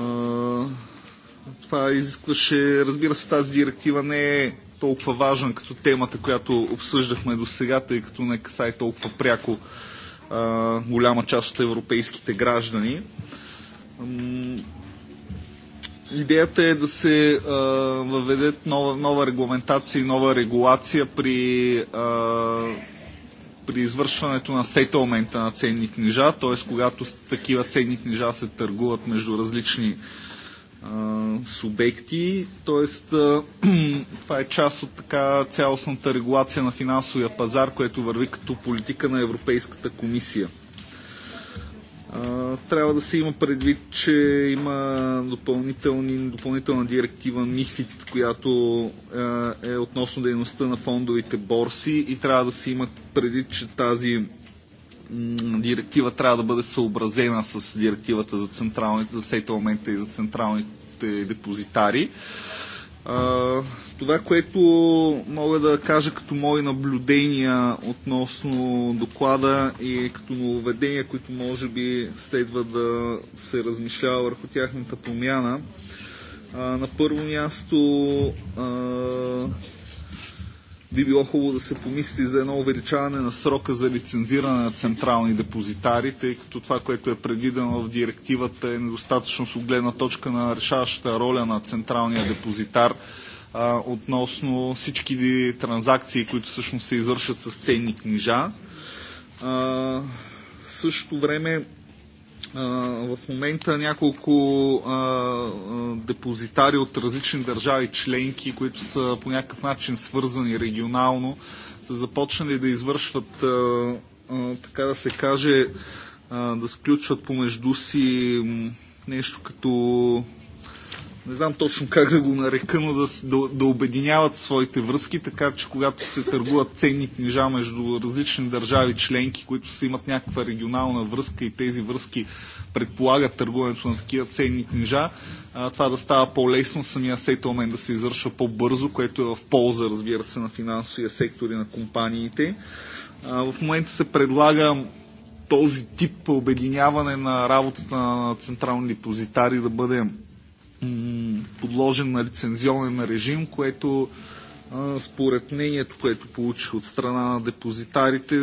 това изискваше, разбира се, тази директива не е толкова важна като темата, която обсъждахме до сега, тъй като не касае толкова пряко а, голяма част от европейските граждани. Идеята е да се а, въведат нова, нова регламентация и нова регулация при, а, при извършването на сетълмента на ценни книжа, т.е. когато такива ценни книжа се търгуват между различни а, субекти, т.е. това е част от така цялостната регулация на финансовия пазар, което върви като политика на Европейската комисия трябва да се има предвид, че има допълнителна директива МИФИД, която е, е относно дейността на фондовите борси и трябва да се има предвид, че тази директива трябва да бъде съобразена с директивата за централните, за сетълмента и за централните депозитари. Това, което мога да кажа като мои наблюдения относно доклада и като нововведения, които може би следва да се размишлява върху тяхната промяна, а, на първо място а, би било хубаво да се помисли за едно увеличаване на срока за лицензиране на централни депозитари, тъй като това, което е предвидено в директивата е недостатъчно с огледна точка на решаващата роля на централния депозитар – а, относно всички транзакции, които всъщност се извършат с ценни книжа. А, в същото време в момента няколко а, а, депозитари от различни държави членки, които са по някакъв начин свързани регионално, са започнали да извършват, а, така да се каже, да сключват помежду си нещо като не знам точно как да го нарека, но да, да, да обединяват своите връзки, така че когато се търгуват ценни книжа между различни държави членки, които са имат някаква регионална връзка и тези връзки предполагат търгуването на такива ценни книжа, а, това да става по-лесно, самия сетълмен да се извършва по-бързо, което е в полза, разбира се, на финансовия сектор и на компаниите. А, в момента се предлага този тип обединяване на работата на централни депозитари да бъде подложен на лицензионен режим, което според мнението, което получих от страна на депозитарите,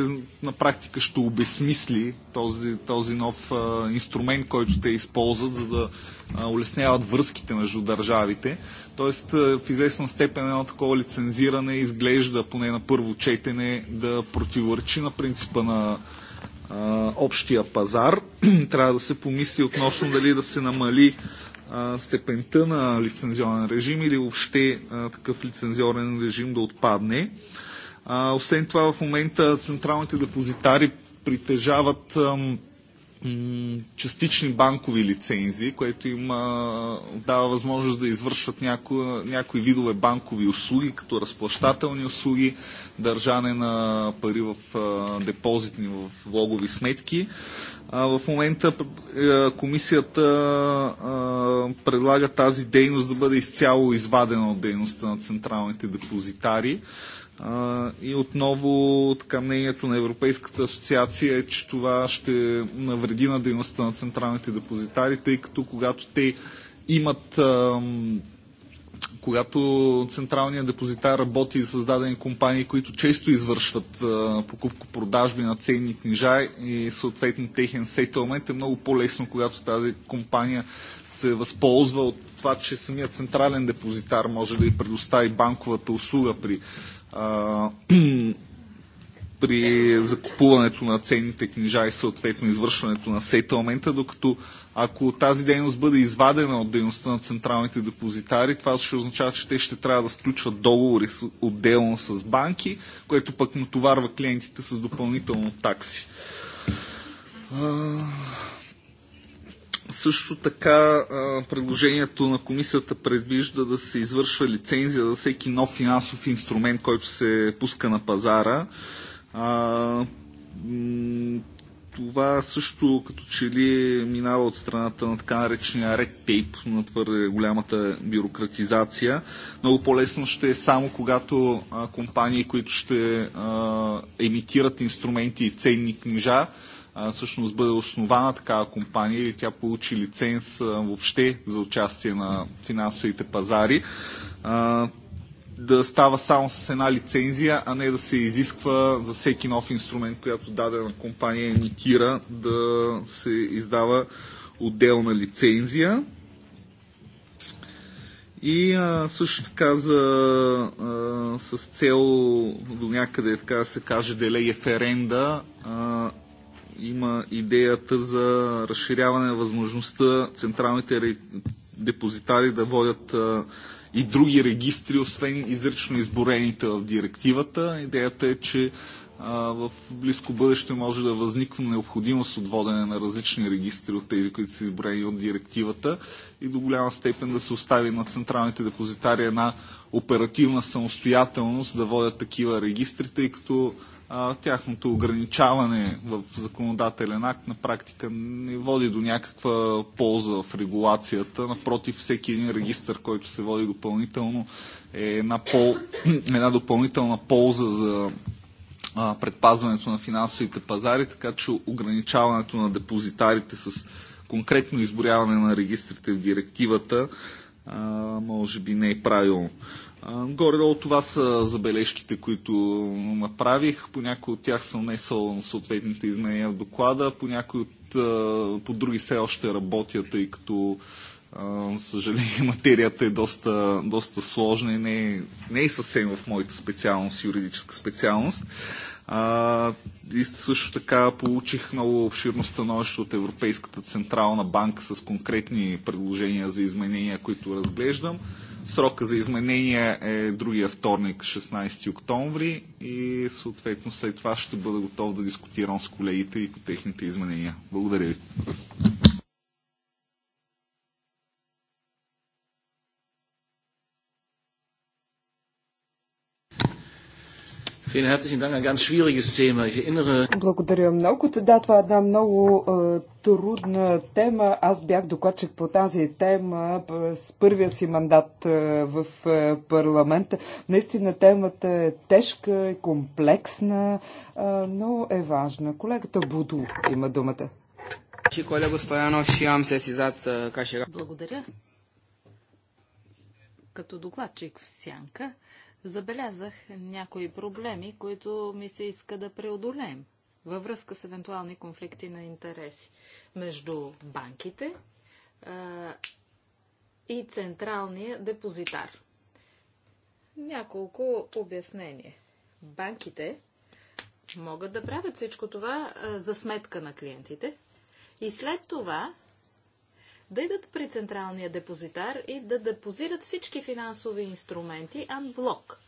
на практика ще обесмисли този, този нов а, инструмент, който те използват, за да а, улесняват връзките между държавите. Тоест, а, в известна степен едно такова лицензиране изглежда, поне на първо четене, да противоречи на принципа на а, общия пазар. Трябва да се помисли относно дали да се намали степента на лицензионен режим или въобще такъв лицензионен режим да отпадне. Освен това в момента централните депозитари притежават частични банкови лицензии, което им а, дава възможност да извършват няко, някои видове банкови услуги, като разплащателни услуги, държане на пари в а, депозитни, в влогови сметки. А, в момента а, е, комисията а, предлага тази дейност да бъде изцяло извадена от дейността на централните депозитари и отново така мнението на Европейската асоциация е, че това ще навреди на дейността на централните депозитари, тъй като когато те имат когато централният депозитар работи с дадени компании, които често извършват покупко-продажби на ценни книжа и съответно техен сетълмент, е много по-лесно, когато тази компания се възползва от това, че самият централен депозитар може да й предостави банковата услуга при а, при закупуването на ценните книжа и съответно извършването на сетълмента, докато ако тази дейност бъде извадена от дейността на централните депозитари, това ще означава, че те ще трябва да сключват договори отделно с банки, което пък натоварва клиентите с допълнително такси. Също така предложението на комисията предвижда да се извършва лицензия за всеки нов финансов инструмент, който се пуска на пазара. Това също като че ли минава от страната на така наречения ред тейп, на твърде голямата бюрократизация. Много по-лесно ще е само когато компании, които ще емитират инструменти и ценни книжа, а, всъщност бъде основана такава компания или тя получи лиценз а, въобще за участие на финансовите пазари. А, да става само с една лицензия, а не да се изисква за всеки нов инструмент, която дадена компания емитира, да се издава отделна лицензия. И а, също така за, а, с цел до някъде, така да се каже, делей еференда, има идеята за разширяване на възможността централните депозитари да водят и други регистри, освен изрично изборените в директивата. Идеята е, че в близко бъдеще може да възникне необходимост от водене на различни регистри от тези, които са изборени от директивата и до голяма степен да се остави на централните депозитари една оперативна самостоятелност да водят такива регистри, тъй като а, тяхното ограничаване в законодателен акт на практика не води до някаква полза в регулацията. Напротив, всеки един регистр, който се води допълнително, е една, пол, една допълнителна полза за а, предпазването на финансовите пазари, така че ограничаването на депозитарите с конкретно изборяване на регистрите в директивата а, може би не е правилно. Горе-долу това са забележките, които направих. По някои от тях съм внесъл съответните изменения в доклада, по някои от по други все още работя, тъй като съжаление материята е доста, доста сложна и не, не е съвсем в моята специалност, юридическа специалност. А, и също така получих много обширно становище от Европейската централна банка с конкретни предложения за изменения, които разглеждам. Срока за изменения е другия вторник, 16 октомври и съответно след това ще бъда готов да дискутирам с колегите и по техните изменения. Благодаря ви. Благодаря много. Да, това е една много е, трудна тема. Аз бях докладчик по тази тема с първия си мандат е, в е, парламента. Наистина темата е тежка и е комплексна, е, но е важна. Колегата Буду има думата. Благодаря. Като докладчик в Сянка, Забелязах някои проблеми, които ми се иска да преодолеем във връзка с евентуални конфликти на интереси между банките а, и централния депозитар. Няколко обяснения. Банките могат да правят всичко това а, за сметка на клиентите и след това да идат при Централния депозитар и да депозират всички финансови инструменти анблок.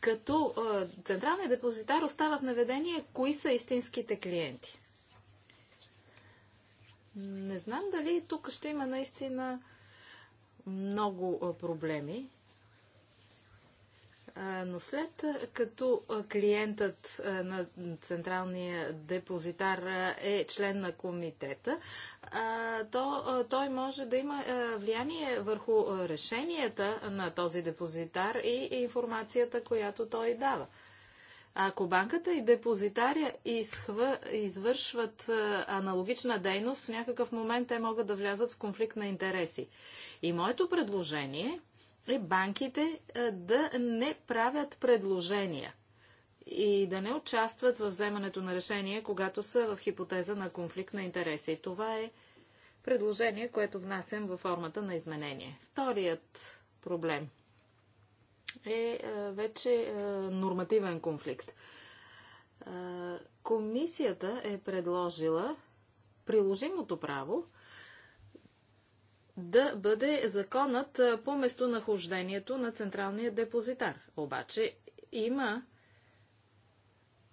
Като е, Централният депозитар остава в наведение кои са истинските клиенти. Не знам дали тук ще има наистина много проблеми. Но след като клиентът на Централния депозитар е член на комитета, то той може да има влияние върху решенията на този депозитар и информацията, която той дава. Ако банката и депозитаря изхва, извършват аналогична дейност, в някакъв момент те могат да влязат в конфликт на интереси. И моето предложение е е банките да не правят предложения и да не участват в вземането на решение, когато са в хипотеза на конфликт на интереси. И Това е предложение, което внасям във формата на изменение. Вторият проблем е, е вече е, нормативен конфликт. Е, комисията е предложила приложимото право да бъде законът по местонахождението на централния депозитар. Обаче има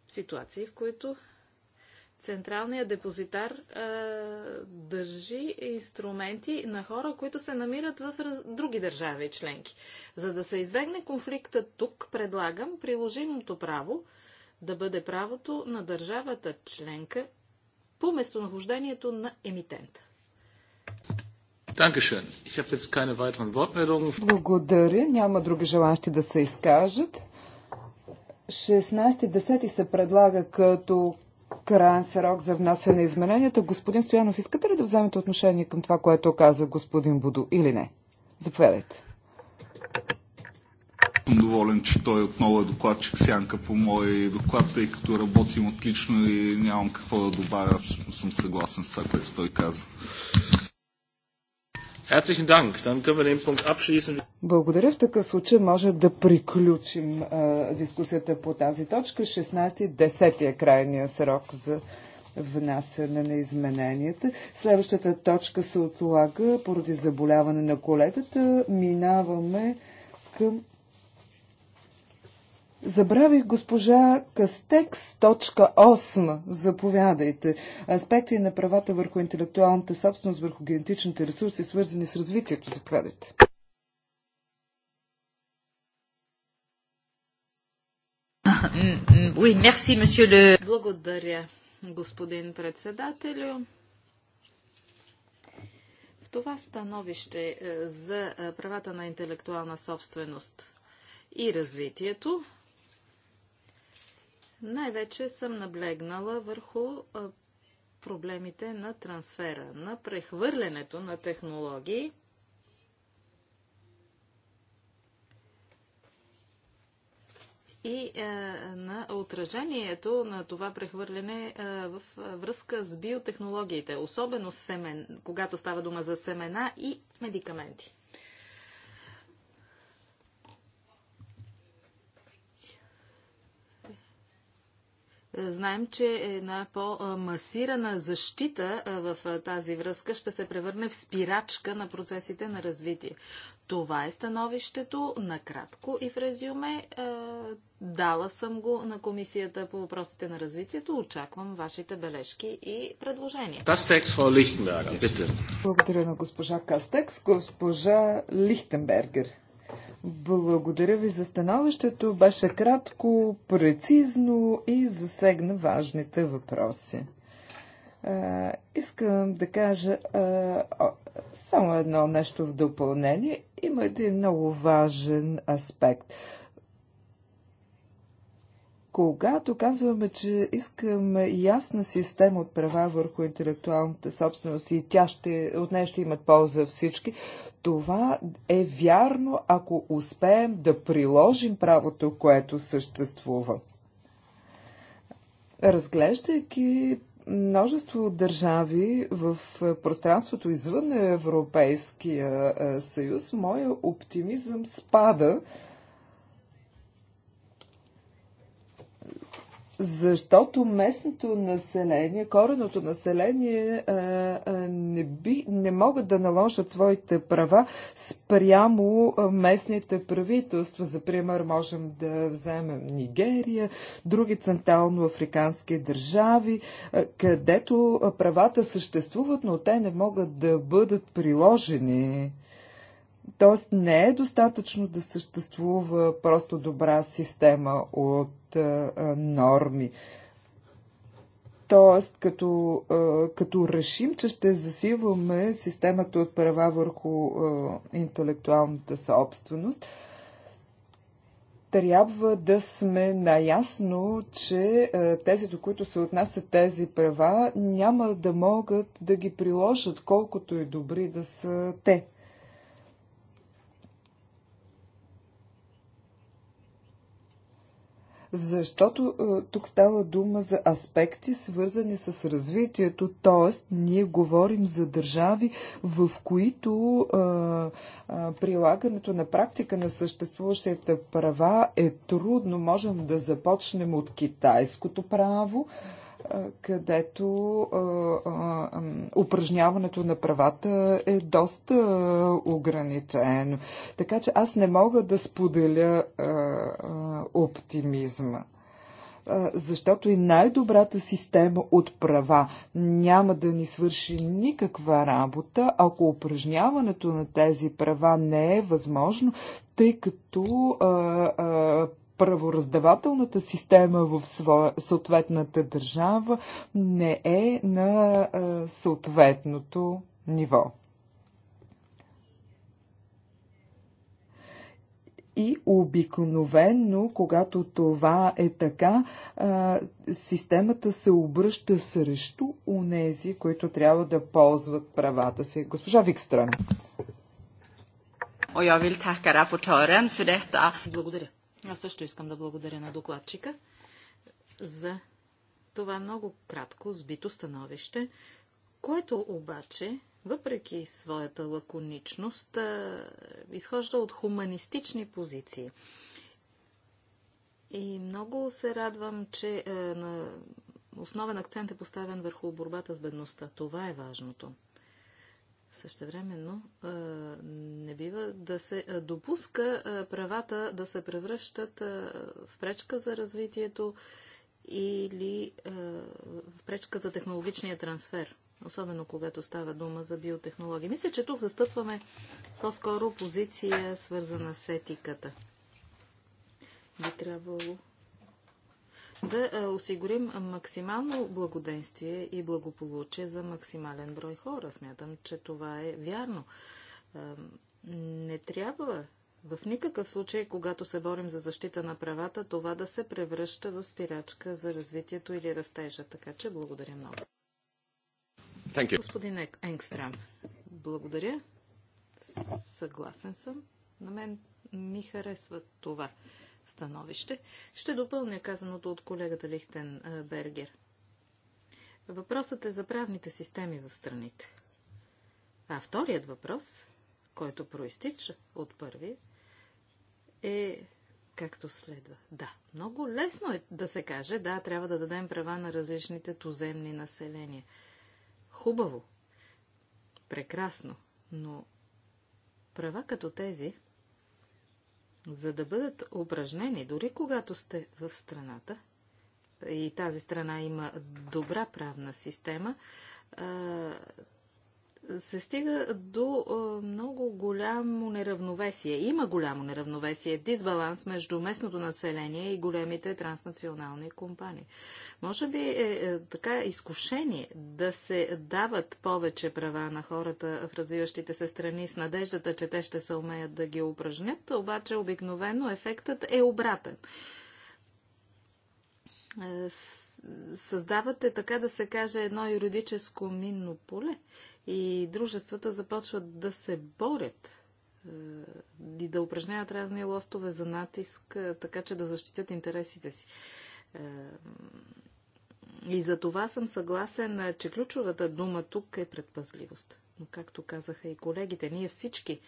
ситуации, в които централният депозитар а, държи инструменти на хора, които се намират в раз... други държави членки. За да се избегне конфликта тук, предлагам приложимото право да бъде правото на държавата членка по местонахождението на емитента. Благодаря. Няма други желащи да се изкажат. 16.10 се предлага като крайен срок за внасяне на измененията. Господин Стоянов, искате ли да вземете отношение към това, което каза господин Буду или не? Заповядайте. Съм доволен, че той е отново е докладчик сянка по мой доклад, тъй като работим отлично и нямам какво да добавя. Съм съгласен с това, което той каза. Благодаря. В такъв случай може да приключим а, дискусията по тази точка. 16-10 е крайния срок за внасяне на измененията. Следващата точка се отлага поради заболяване на колегата. Минаваме към Забравих госпожа Кастекс, точка 8. Заповядайте. Аспекти на правата върху интелектуалната собственост, върху генетичните ресурси, свързани с развитието. Заповядайте. Благодаря, господин председателю. В това становище е, за е, правата на интелектуална собственост и развитието най-вече съм наблегнала върху проблемите на трансфера, на прехвърлянето на технологии. И е, на отражението на това прехвърляне е, в връзка с биотехнологиите, особено семен, когато става дума за семена и медикаменти. Е, знаем, че една по-масирана защита е, в е, тази връзка ще се превърне в спирачка на процесите на развитие. Това е становището накратко и в резюме. Дала съм го на Комисията по въпросите на развитието. Очаквам вашите бележки и предложения. Кастекс Лихтенбергер, Благодаря на госпожа Кастекс. Госпожа Лихтенбергер. Благодаря ви за становището. Беше кратко, прецизно и засегна важните въпроси. А, искам да кажа а, само едно нещо в допълнение. Има един много важен аспект. Когато казваме, че искаме ясна система от права върху интелектуалната собственост и тя ще, от нея ще имат полза всички, това е вярно, ако успеем да приложим правото, което съществува. Разглеждайки множество държави в пространството извън Европейския е, съюз, моя оптимизъм спада, защото местното население, кореното население е, е, не, би, не могат да наложат своите права спрямо местните правителства. За пример, можем да вземем Нигерия, други централно-африкански държави, е, където правата съществуват, но те не могат да бъдат приложени. Тоест не е достатъчно да съществува просто добра система от а, норми. Тоест, като, а, като решим, че ще засилваме системата от права върху а, интелектуалната собственост, трябва да сме наясно, че тези, до които се отнасят тези права, няма да могат да ги приложат, колкото и добри да са те. защото е, тук става дума за аспекти, свързани с развитието, т.е. ние говорим за държави, в които а, е, а, е, прилагането на практика на съществуващите права е трудно. Можем да започнем от китайското право където упражняването на правата е доста ограничено. Така че аз не мога да споделя оптимизма. Защото и най-добрата система от права няма да ни свърши никаква работа, ако упражняването на тези права не е възможно, тъй като а, а, правораздавателната система в своя, съответната държава не е на съответното ниво. И обикновенно, когато това е така, а, системата се обръща срещу унези, които трябва да ползват правата си. Госпожа Викстрем. Благодаря. Аз също искам да благодаря на докладчика за това много кратко сбито становище, което обаче, въпреки своята лаконичност, изхожда от хуманистични позиции. И много се радвам, че е, на основен акцент е поставен върху борбата с бедността. Това е важното. Същевременно не бива да се допуска правата да се превръщат в пречка за развитието или в пречка за технологичния трансфер, особено когато става дума за биотехнологии. Мисля, че тук застъпваме по-скоро позиция, свързана с етиката. Би трябвало да е, осигурим максимално благоденствие и благополучие за максимален брой хора. Смятам, че това е вярно. Не трябва в никакъв случай, когато се борим за защита на правата, това да се превръща в спирачка за развитието или растежа. Така че благодаря много. Thank you. Господин Енгстрам, благодаря. Съгласен съм. На мен ми харесва това становище. Ще допълня казаното от колегата Лихтен Бергер. Въпросът е за правните системи в страните. А вторият въпрос, който проистича от първи, е както следва. Да, много лесно е да се каже, да, трябва да дадем права на различните туземни населения. Хубаво, прекрасно, но права като тези за да бъдат упражнени, дори когато сте в страната, и тази страна има добра правна система, се стига до много голямо неравновесие. Има голямо неравновесие, дисбаланс между местното население и големите транснационални компании. Може би е, е така изкушение да се дават повече права на хората в развиващите се страни с надеждата, че те ще се умеят да ги упражнят, обаче обикновено ефектът е обратен е, създавате, така да се каже, едно юридическо минно поле, и дружествата започват да се борят е, и да упражняват разни лостове за натиск, е, така че да защитят интересите си. Е, и за това съм съгласен, че ключовата дума тук е предпазливост. Но както казаха и колегите, ние всички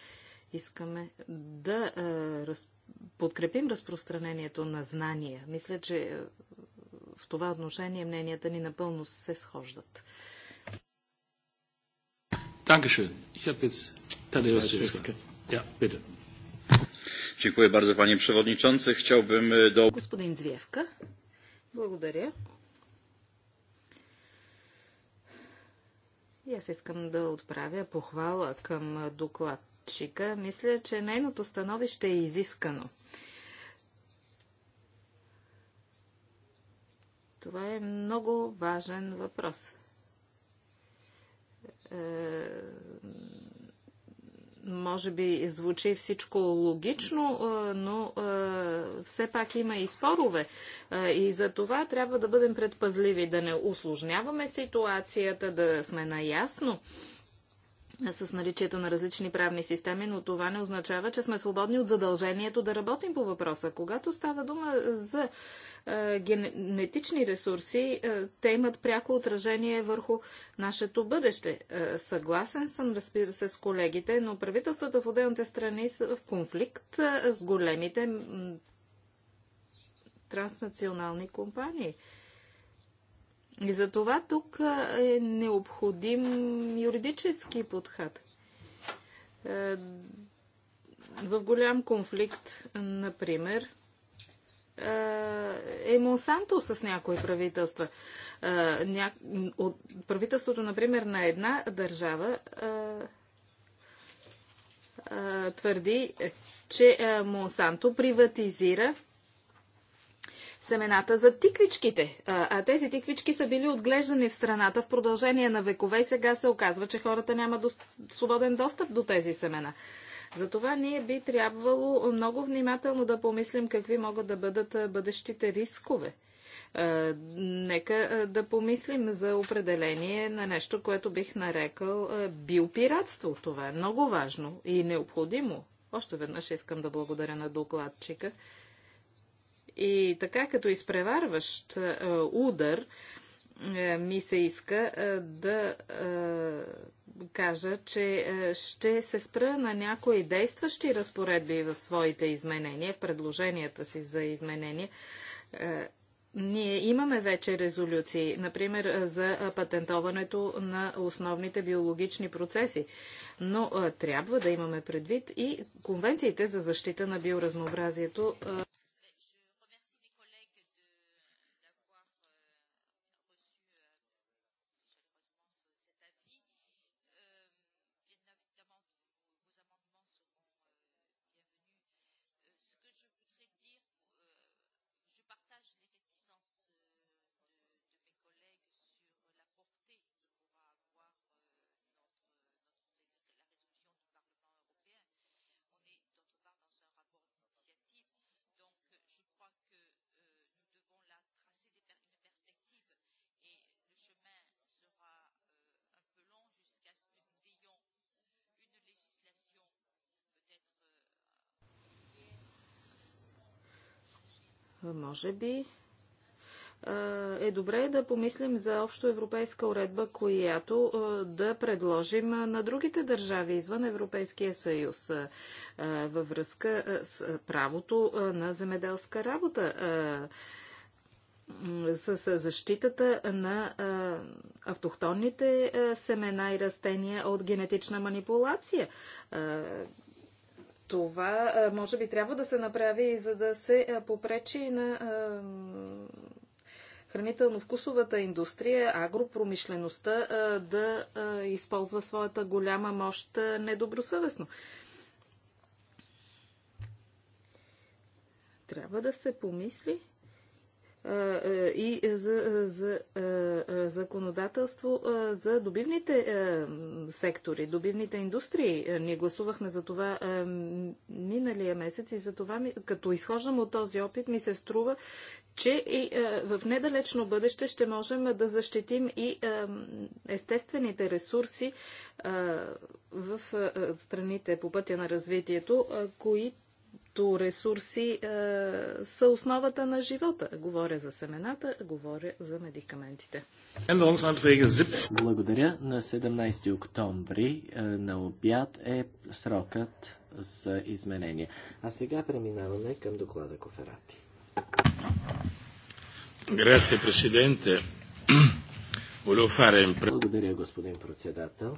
искаме да е, раз, подкрепим разпространението на знания. Мисля, че в това отношение мненията ни напълно се схождат. Dankeschön. Ich habe jetzt Tadeusz Zwiefka. Ja, bitte. Dziękuję bardzo, panie przewodniczący. Chciałbym e, do... Господин Звевка, благодаря. И аз искам да отправя похвала към докладчика. Мисля, че нейното становище е изискано. Това е много важен въпрос. Е, може би звучи всичко логично, е, но е, все пак има и спорове. И за това трябва да бъдем предпазливи, да не усложняваме ситуацията, да сме наясно с наличието на различни правни системи, но това не означава, че сме свободни от задължението да работим по въпроса. Когато става дума за е, генетични ресурси, е, те имат пряко отражение върху нашето бъдеще. Е, съгласен съм, разбира се, с колегите, но правителствата в отделните страни са в конфликт с големите транснационални компании. И за това тук е необходим юридически подход. Е, в голям конфликт, например, е, е Монсанто с някои правителства. Е, от правителството, например, на една държава твърди, че Монсанто приватизира семената за тиквичките. А тези тиквички са били отглеждани в страната в продължение на векове и сега се оказва, че хората нямат до... свободен достъп до тези семена. Затова ние би трябвало много внимателно да помислим какви могат да бъдат бъдещите рискове. Нека да помислим за определение на нещо, което бих нарекал биопиратство. Това е много важно и необходимо. Още веднъж искам да благодаря на докладчика. И така като изпреварващ е, удар е, ми се иска е, да кажа, че ще се спра на някои действащи разпоредби в своите изменения, в предложенията си за изменения. Ние имаме вече резолюции, например за патентоването на основните биологични процеси, но трябва да имаме предвид и конвенциите за защита на биоразнообразието Може би е добре да помислим за общо европейска уредба, която да предложим на другите държави извън Европейския съюз във връзка с правото на земеделска работа с защитата на автохтонните семена и растения от генетична манипулация. Това може би трябва да се направи и за да се попречи на хранително-вкусовата индустрия, агропромишлеността да използва своята голяма мощ недобросъвестно. Трябва да се помисли и за, за, за законодателство за добивните сектори, добивните индустрии. Ние гласувахме за това миналия месец и за това, като изхождам от този опит, ми се струва, че и в недалечно бъдеще ще можем да защитим и естествените ресурси в страните по пътя на развитието, които ресурси е, са основата на живота. Говоря за семената, говоря за медикаментите. Благодаря. На 17 октомври е, на обяд е срокът за изменение. А сега преминаваме към доклада Коферати. Грация, президенте. Благодаря, господин председател.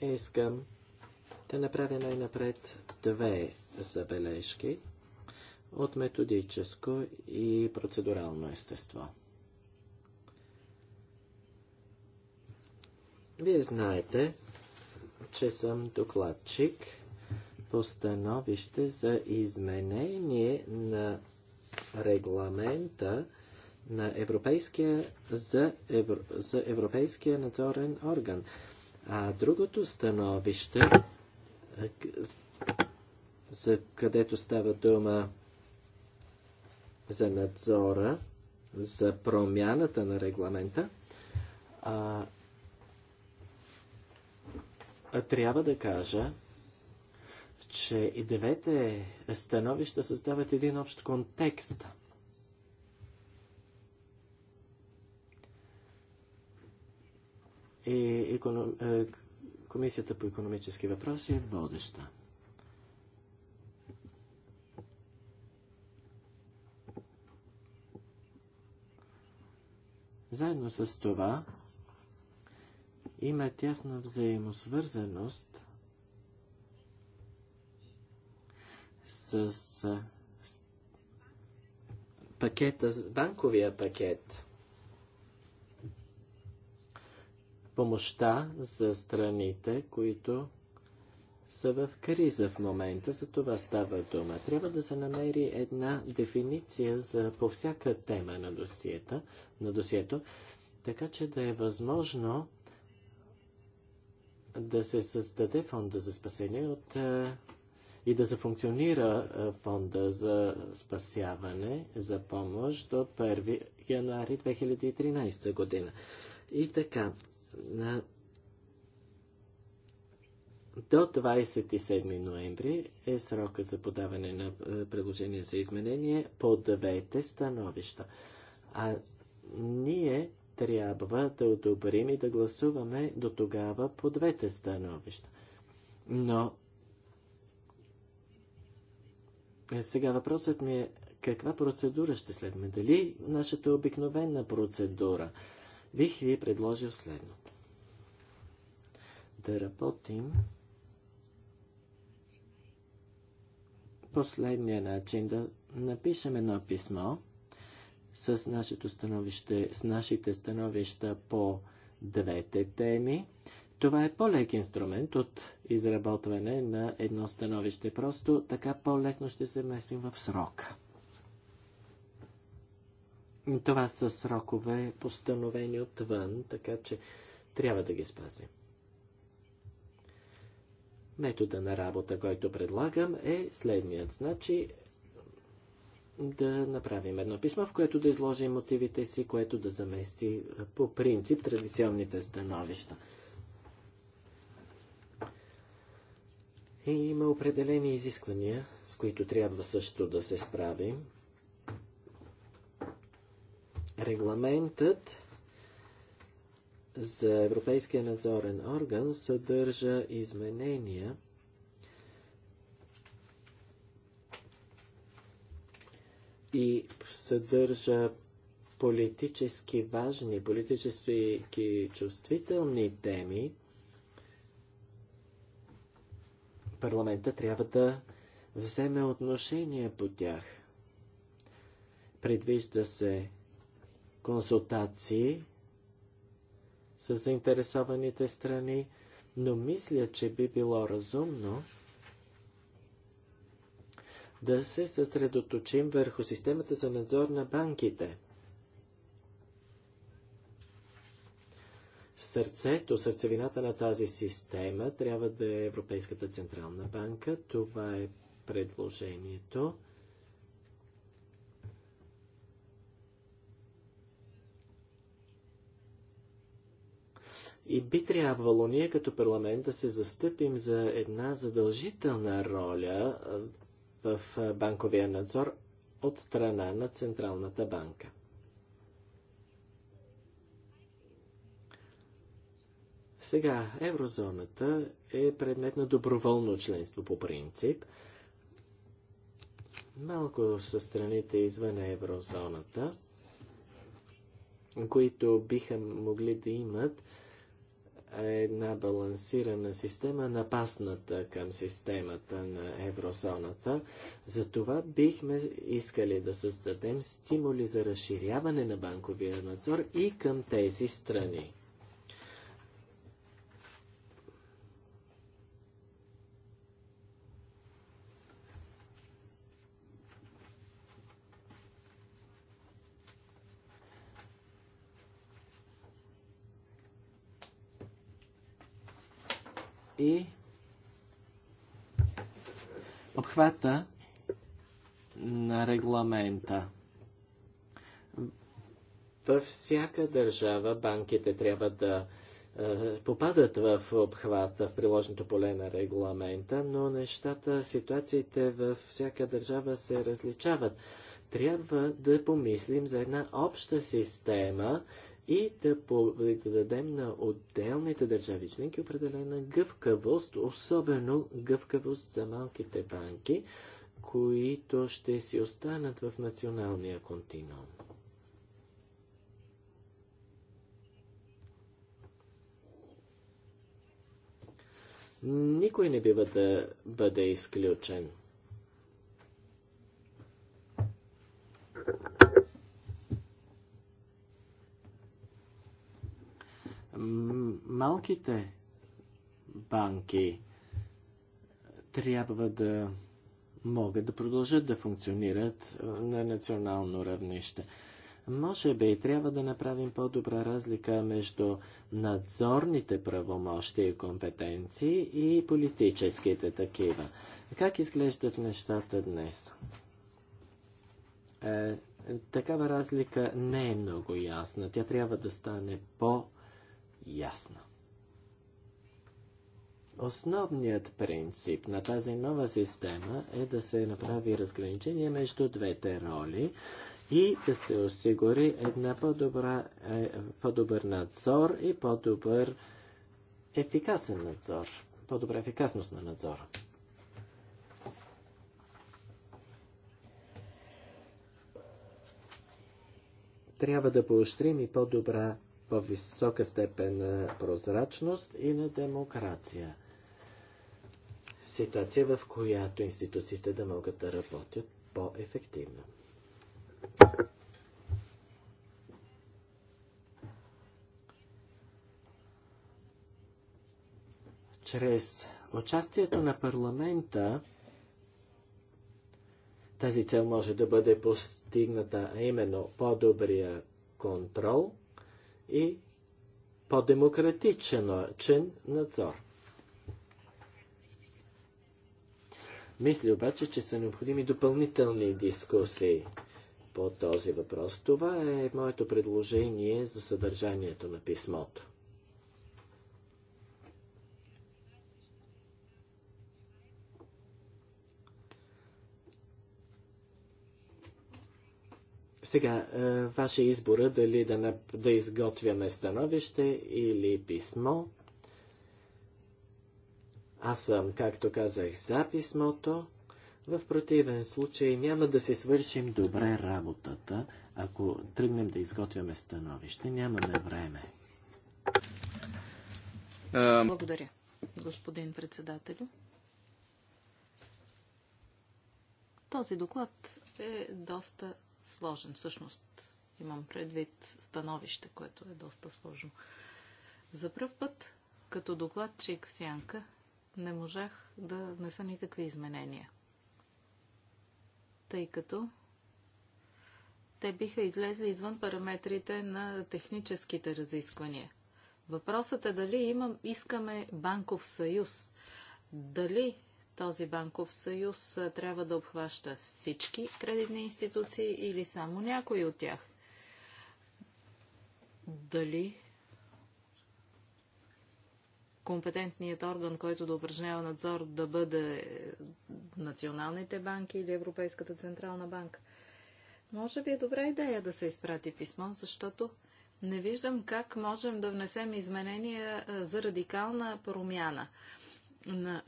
Искам да направя най-напред две забележки от методическо и процедурално естество. Вие знаете, че съм докладчик по становище за изменение на регламента на Европейския, за, евро, за Европейския надзорен орган. А другото становище за където става дума за надзора, за промяната на регламента, а, а трябва да кажа, че и девете становища създават един общ контекст. И економ... Комисията по економически въпроси е водеща. Заедно с това има тясна взаимосвързаност с, с пакета, банковия пакет. помощта за страните, които са в криза в момента, за това става дума. Трябва да се намери една дефиниция за по всяка тема на, досиета, на досието, така че да е възможно да се създаде фонда за спасение от, и да зафункционира фонда за спасяване, за помощ до 1 януари 2013 година. И така, на до 27 ноември е срока за подаване на е, предложение за изменение по двете становища. А ние трябва да одобрим и да гласуваме до тогава по двете становища. Но е, сега въпросът ми е каква процедура ще следваме? Дали нашата обикновена процедура? Бих ви предложил следното да работим последния начин да напишем едно писмо с, нашето становище, с нашите становища по двете теми. Това е по-лек инструмент от изработване на едно становище. Просто така по-лесно ще се местим в срока. Това са срокове постановени отвън, така че трябва да ги спазим. Метода на работа, който предлагам е следният. Значи да направим едно писмо, в което да изложим мотивите си, което да замести по принцип традиционните становища. И има определени изисквания, с които трябва също да се справим. Регламентът за Европейския надзорен орган съдържа изменения, и съдържа политически важни, политически чувствителни теми, парламента трябва да вземе отношение по тях. Предвижда се консултации с заинтересованите страни, но мисля, че би било разумно да се съсредоточим върху системата за надзор на банките. Сърцето, сърцевината на тази система трябва да е Европейската Централна банка. Това е предложението. И би трябвало ние като парламент да се застъпим за една задължителна роля в банковия надзор от страна на Централната банка. Сега, еврозоната е предмет на доброволно членство по принцип. Малко са страните извън еврозоната, които биха могли да имат една балансирана система, напасната към системата на еврозоната. Затова бихме искали да създадем стимули за разширяване на банковия надзор и към тези страни. и обхвата на регламента. Във всяка държава банките трябва да е, попадат в обхвата, в приложното поле на регламента, но нещата, ситуациите във всяка държава се различават. Трябва да помислим за една обща система и да, по, да дадем на отделните държави членки определена гъвкавост, особено гъвкавост за малките банки, които ще си останат в националния континуум. Никой не бива да бъде изключен. малките банки трябва да могат да продължат да функционират на национално равнище. Може би и трябва да направим по-добра разлика между надзорните правомощия и компетенции и политическите такива. Как изглеждат нещата днес? Е, такава разлика не е много ясна. Тя трябва да стане по- ясна. Основният принцип на тази нова система е да се направи разграничение между двете роли и да се осигури една по-добра, е, по-добър надзор и по-добър ефикасен надзор, по-добра ефикасност на надзора. Трябва да поощрим и по-добра по-висока степен на прозрачност и на демокрация. Ситуация, в която институциите да могат да работят по-ефективно. Чрез участието на парламента тази цел може да бъде постигната, а именно по-добрия контрол – и по-демократичен надзор. Мисля обаче, че са необходими допълнителни дискусии по този въпрос. Това е моето предложение за съдържанието на писмото. Сега, е, ваше избора дали да, да изготвяме становище или писмо. Аз съм, както казах, за писмото. В противен случай няма да си свършим добре работата, ако тръгнем да изготвяме становище. Нямаме време. Благодаря, господин председателю. Този доклад е доста сложен. Всъщност имам предвид становище, което е доста сложно. За първ път, като докладчик Сянка, не можах да внеса никакви изменения. Тъй като те биха излезли извън параметрите на техническите разисквания. Въпросът е дали имам, искаме банков съюз, дали този банков съюз трябва да обхваща всички кредитни институции или само някои от тях? Дали компетентният орган, който да упражнява надзор, да бъде националните банки или Европейската централна банка? Може би е добра идея да се изпрати писмо, защото не виждам как можем да внесем изменения за радикална промяна на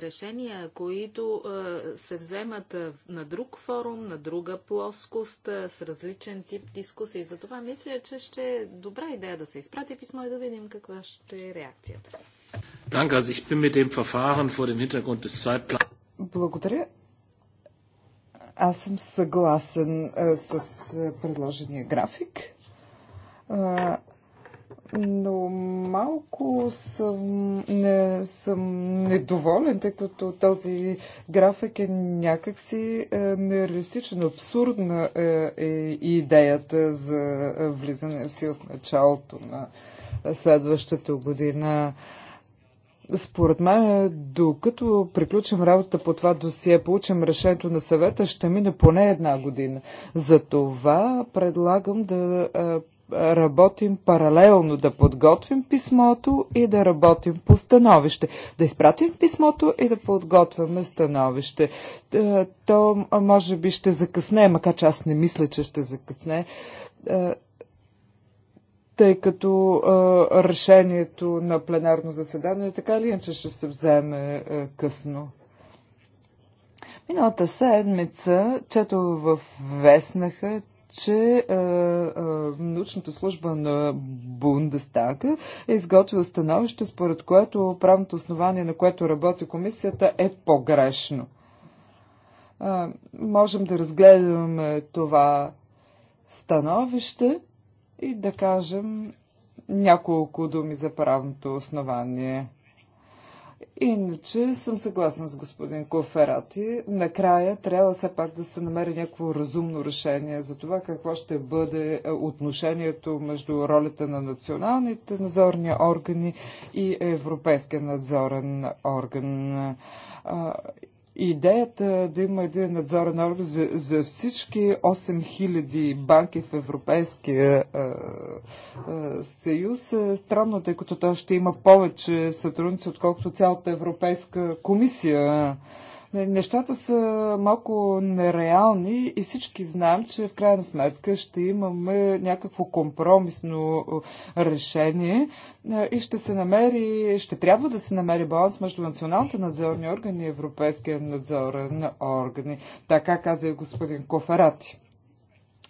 решения, които се вземат на друг форум, на друга плоскост, с различен тип дискусии. Затова мисля, че ще е добра идея да се изпрати писмо и да видим каква ще е реакцията. Благодаря. Аз съм съгласен с предложения график но малко съм, не, съм недоволен, тъй като този график е някакси е, нереалистичен. Абсурдна е, е идеята за влизане в сил в началото на следващата година. Според мен, докато приключим работа по това досие, получим решението на съвета, ще мине поне една година. За това предлагам да е, работим паралелно, да подготвим писмото и да работим по становище. Да изпратим писмото и да подготвяме становище. Е, то може би ще закъсне, макар че аз не мисля, че ще закъсне е, тъй като е, решението на пленарно заседание така или иначе ще се вземе късно. Миналата седмица чето в Веснаха, че е, е, научната служба на Бундестага е изготвила становище, според което правното основание, на което работи комисията, е погрешно. Е, можем да разгледаме това становище и да кажем няколко думи за правното основание. Иначе съм съгласен с господин Коферати. Накрая трябва все пак да се намери някакво разумно решение за това какво ще бъде е, отношението между ролята на националните надзорни органи и Европейския надзорен орган. Идеята е да има един надзорен орган за, за всички 8000 банки в Европейския а, е, а, е, съюз е странно, тъй като той ще има повече сътрудници, отколкото цялата Европейска комисия. Нещата са малко нереални и всички знаем, че в крайна сметка ще имаме някакво компромисно решение и ще се намери, ще трябва да се намери баланс между националните надзорни органи и Европейския надзорен органи. Така каза и господин Коферати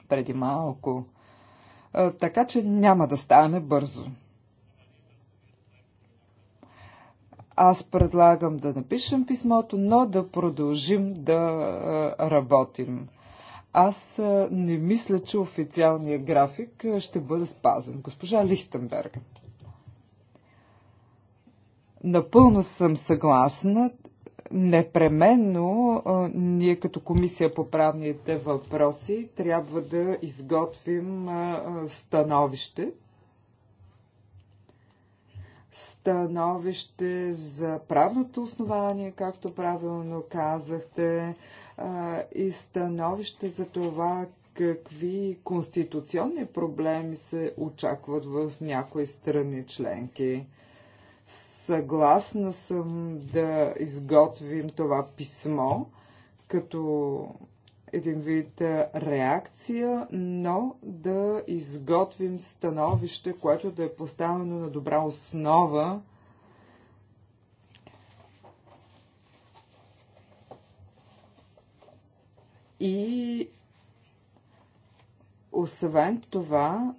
преди малко. Така че няма да стане бързо. Аз предлагам да напишем писмото, но да продължим да работим. Аз не мисля, че официалният график ще бъде спазен. Госпожа Лихтенберг. Напълно съм съгласна. Непременно ние като комисия по правните въпроси трябва да изготвим становище становище за правното основание, както правилно казахте, и становище за това какви конституционни проблеми се очакват в някои страни членки. Съгласна съм да изготвим това писмо като един вид реакция, но да изготвим становище, което да е поставено на добра основа и освен това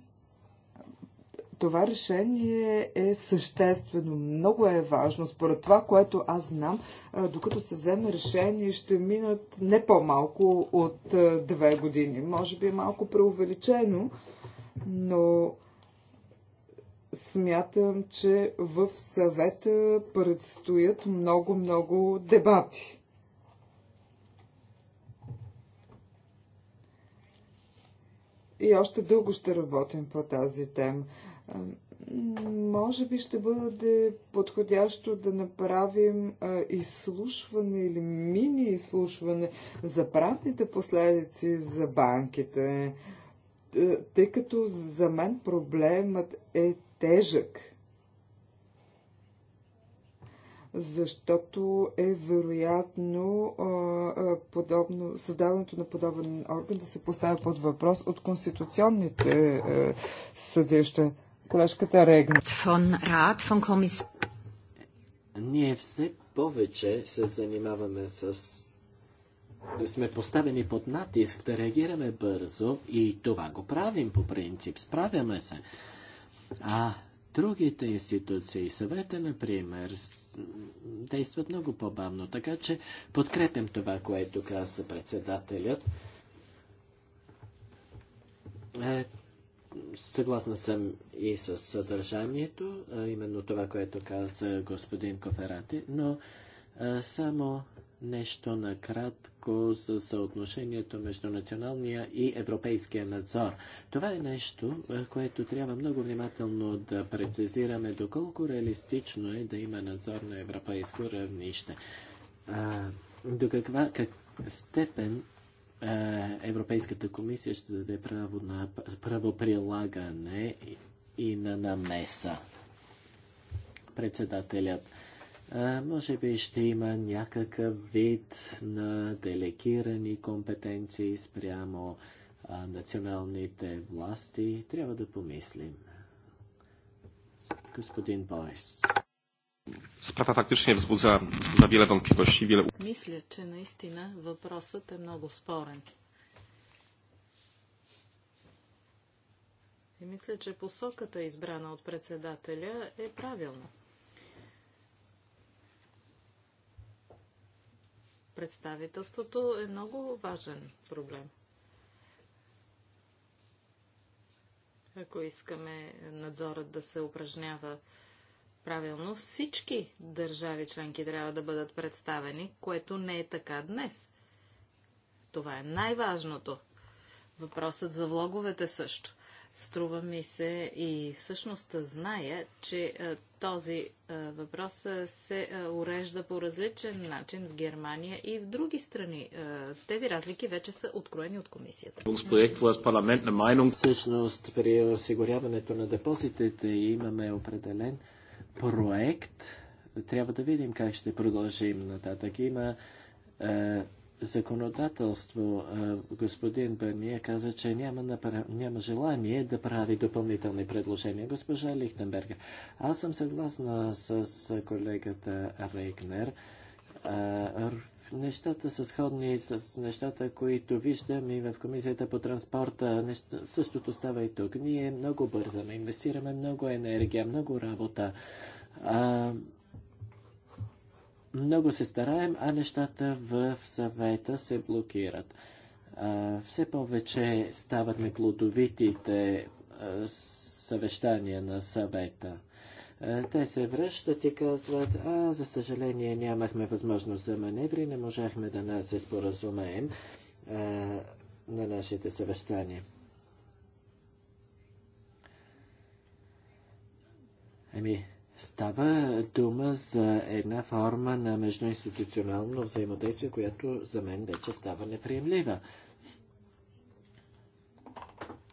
това решение е съществено, много е важно. Според това, което аз знам, докато се вземе решение, ще минат не по-малко от две години. Може би е малко преувеличено, но смятам, че в съвета предстоят много-много дебати. И още дълго ще работим по тази тема. Може би ще бъде подходящо да направим а, изслушване или мини изслушване за правните последици за банките, тъй като за мен проблемът е тежък. Защото е вероятно а, подобно, създаването на подобен орган да се поставя под въпрос от конституционните съдища. Колежката Фон Рад, фон комис... Ние все повече се занимаваме с сме поставени под натиск да реагираме бързо и това го правим по принцип. Справяме се. А другите институции, съвета, например, действат много по-бавно. Така че подкрепям това, което каза председателят. Е, Съгласна съм и с съдържанието, именно това, което каза господин Коферати, но само нещо накратко за съотношението между националния и европейския надзор. Това е нещо, което трябва много внимателно да прецизираме, доколко реалистично е да има надзор на европейско равнище. до каква как степен е, Европейската комисия ще даде право на правоприлагане и на намеса. Председателят. Е, може би ще има някакъв вид на делегирани компетенции спрямо е, националните власти. Трябва да помислим. Господин Бойс. Sprawa faktycznie wzbudza, wzbudza wiele wątpliwości, wiele... Мисля, че наистина въпросът е много спорен. И мисля, че посоката, избрана от председателя, е правилна. Представителството е много важен проблем. Ако искаме надзорът да се упражнява Правилно всички държави членки трябва да бъдат представени, което не е така днес. Това е най-важното. Въпросът за влоговете също. Струва ми се и всъщност зная, че е, този е, въпрос е, се урежда по различен начин в Германия и в други страни. Тези разлики вече са откроени от комисията. Всъщност при осигуряването на депозитите имаме определен проект. Трябва да видим как ще продължим нататък. Има е, законодателство. Е, господин Бърния каза, че няма, направ... няма желание да прави допълнителни предложения. Госпожа Лихтенберга, аз съм съгласна с колегата Рейгнер. Е, Нещата са сходни с нещата, които виждам и в Комисията по транспорта. Нещо, същото става и тук. Ние много бързаме, инвестираме много енергия, много работа. А, много се стараем, а нещата в съвета се блокират. А, все повече стават неплодовитите съвещания на съвета. Е, те се връщат и казват, а за съжаление нямахме възможност за маневри, не можахме да нас се споразумеем а, е, на нашите съвещания. Ами, става дума за една форма на междуинституционално взаимодействие, която за мен вече става неприемлива.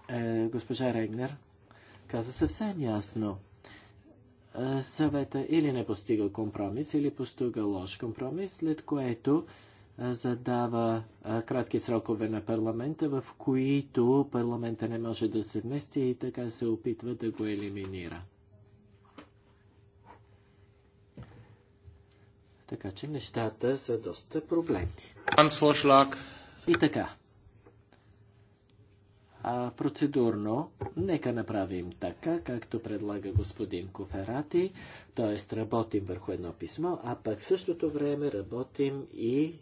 Е, госпожа Регнер каза съвсем ясно – съвета или не постига компромис, или постига лош компромис, след което задава кратки срокове на парламента, в които парламента не може да се вмести и така се опитва да го елиминира. Така че нещата са доста проблемни. И така. А процедурно, нека направим така, както предлага господин Коферати, т.е. работим върху едно писмо, а пък в същото време работим и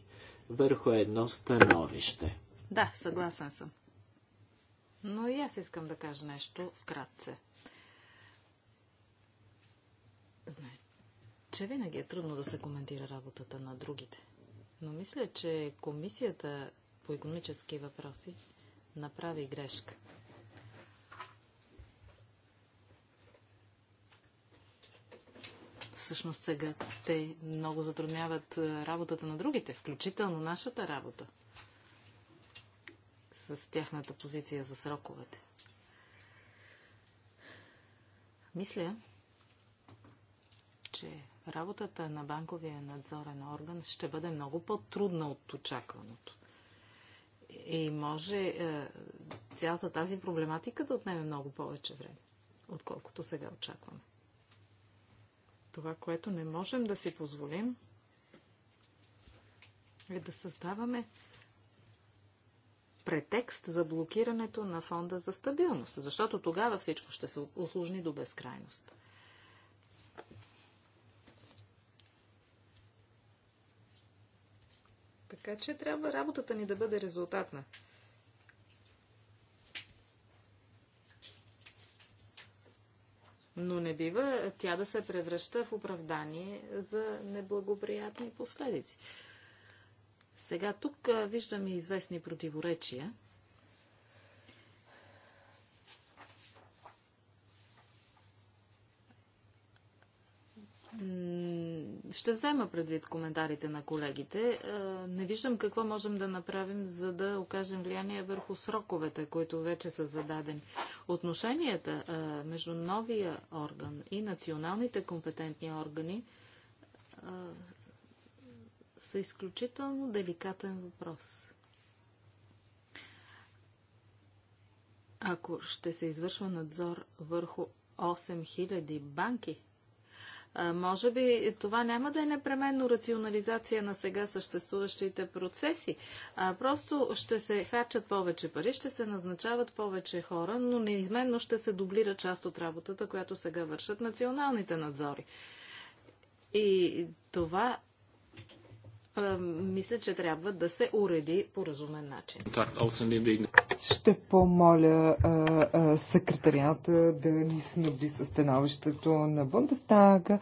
върху едно становище. Да, съгласен съм. Но и аз искам да кажа нещо вкратце. Знаете, че винаги е трудно да се коментира работата на другите. Но мисля, че комисията по економически въпроси направи грешка. Всъщност сега те много затрудняват е, работата на другите, включително нашата работа с тяхната позиция за сроковете. Мисля, че работата на банковия надзорен орган ще бъде много по-трудна от очакваното. И е, може е, цялата тази проблематика да отнеме много повече време, отколкото сега очакваме. Това, което не можем да си позволим, е да създаваме претекст за блокирането на фонда за стабилност, защото тогава всичко ще се осложни до безкрайност. Така че трябва работата ни да бъде резултатна. Но не бива тя да се превръща в оправдание за неблагоприятни последици. Сега тук виждаме известни противоречия. М- ще взема предвид коментарите на колегите. Е, не виждам какво можем да направим, за да окажем влияние върху сроковете, които вече са зададени. Отношенията е, между новия орган и националните компетентни органи е, са изключително деликатен въпрос. Ако ще се извършва надзор върху 8000 банки, може би това няма да е непременно рационализация на сега съществуващите процеси. просто ще се хачат повече пари, ще се назначават повече хора, но неизменно ще се дублира част от работата, която сега вършат националните надзори. И това мисля, че трябва да се уреди по разумен начин. Ще помоля секретарията да ни снаби със становището на Бундестага.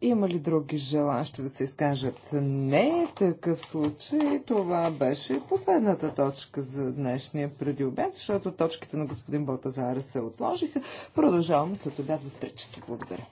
Има ли други желащи да се изкажат? Не, в такъв случай това беше последната точка за днешния преди обед, защото точките на господин Балтазара се отложиха. Продължаваме след обяд в 3 часа. Благодаря.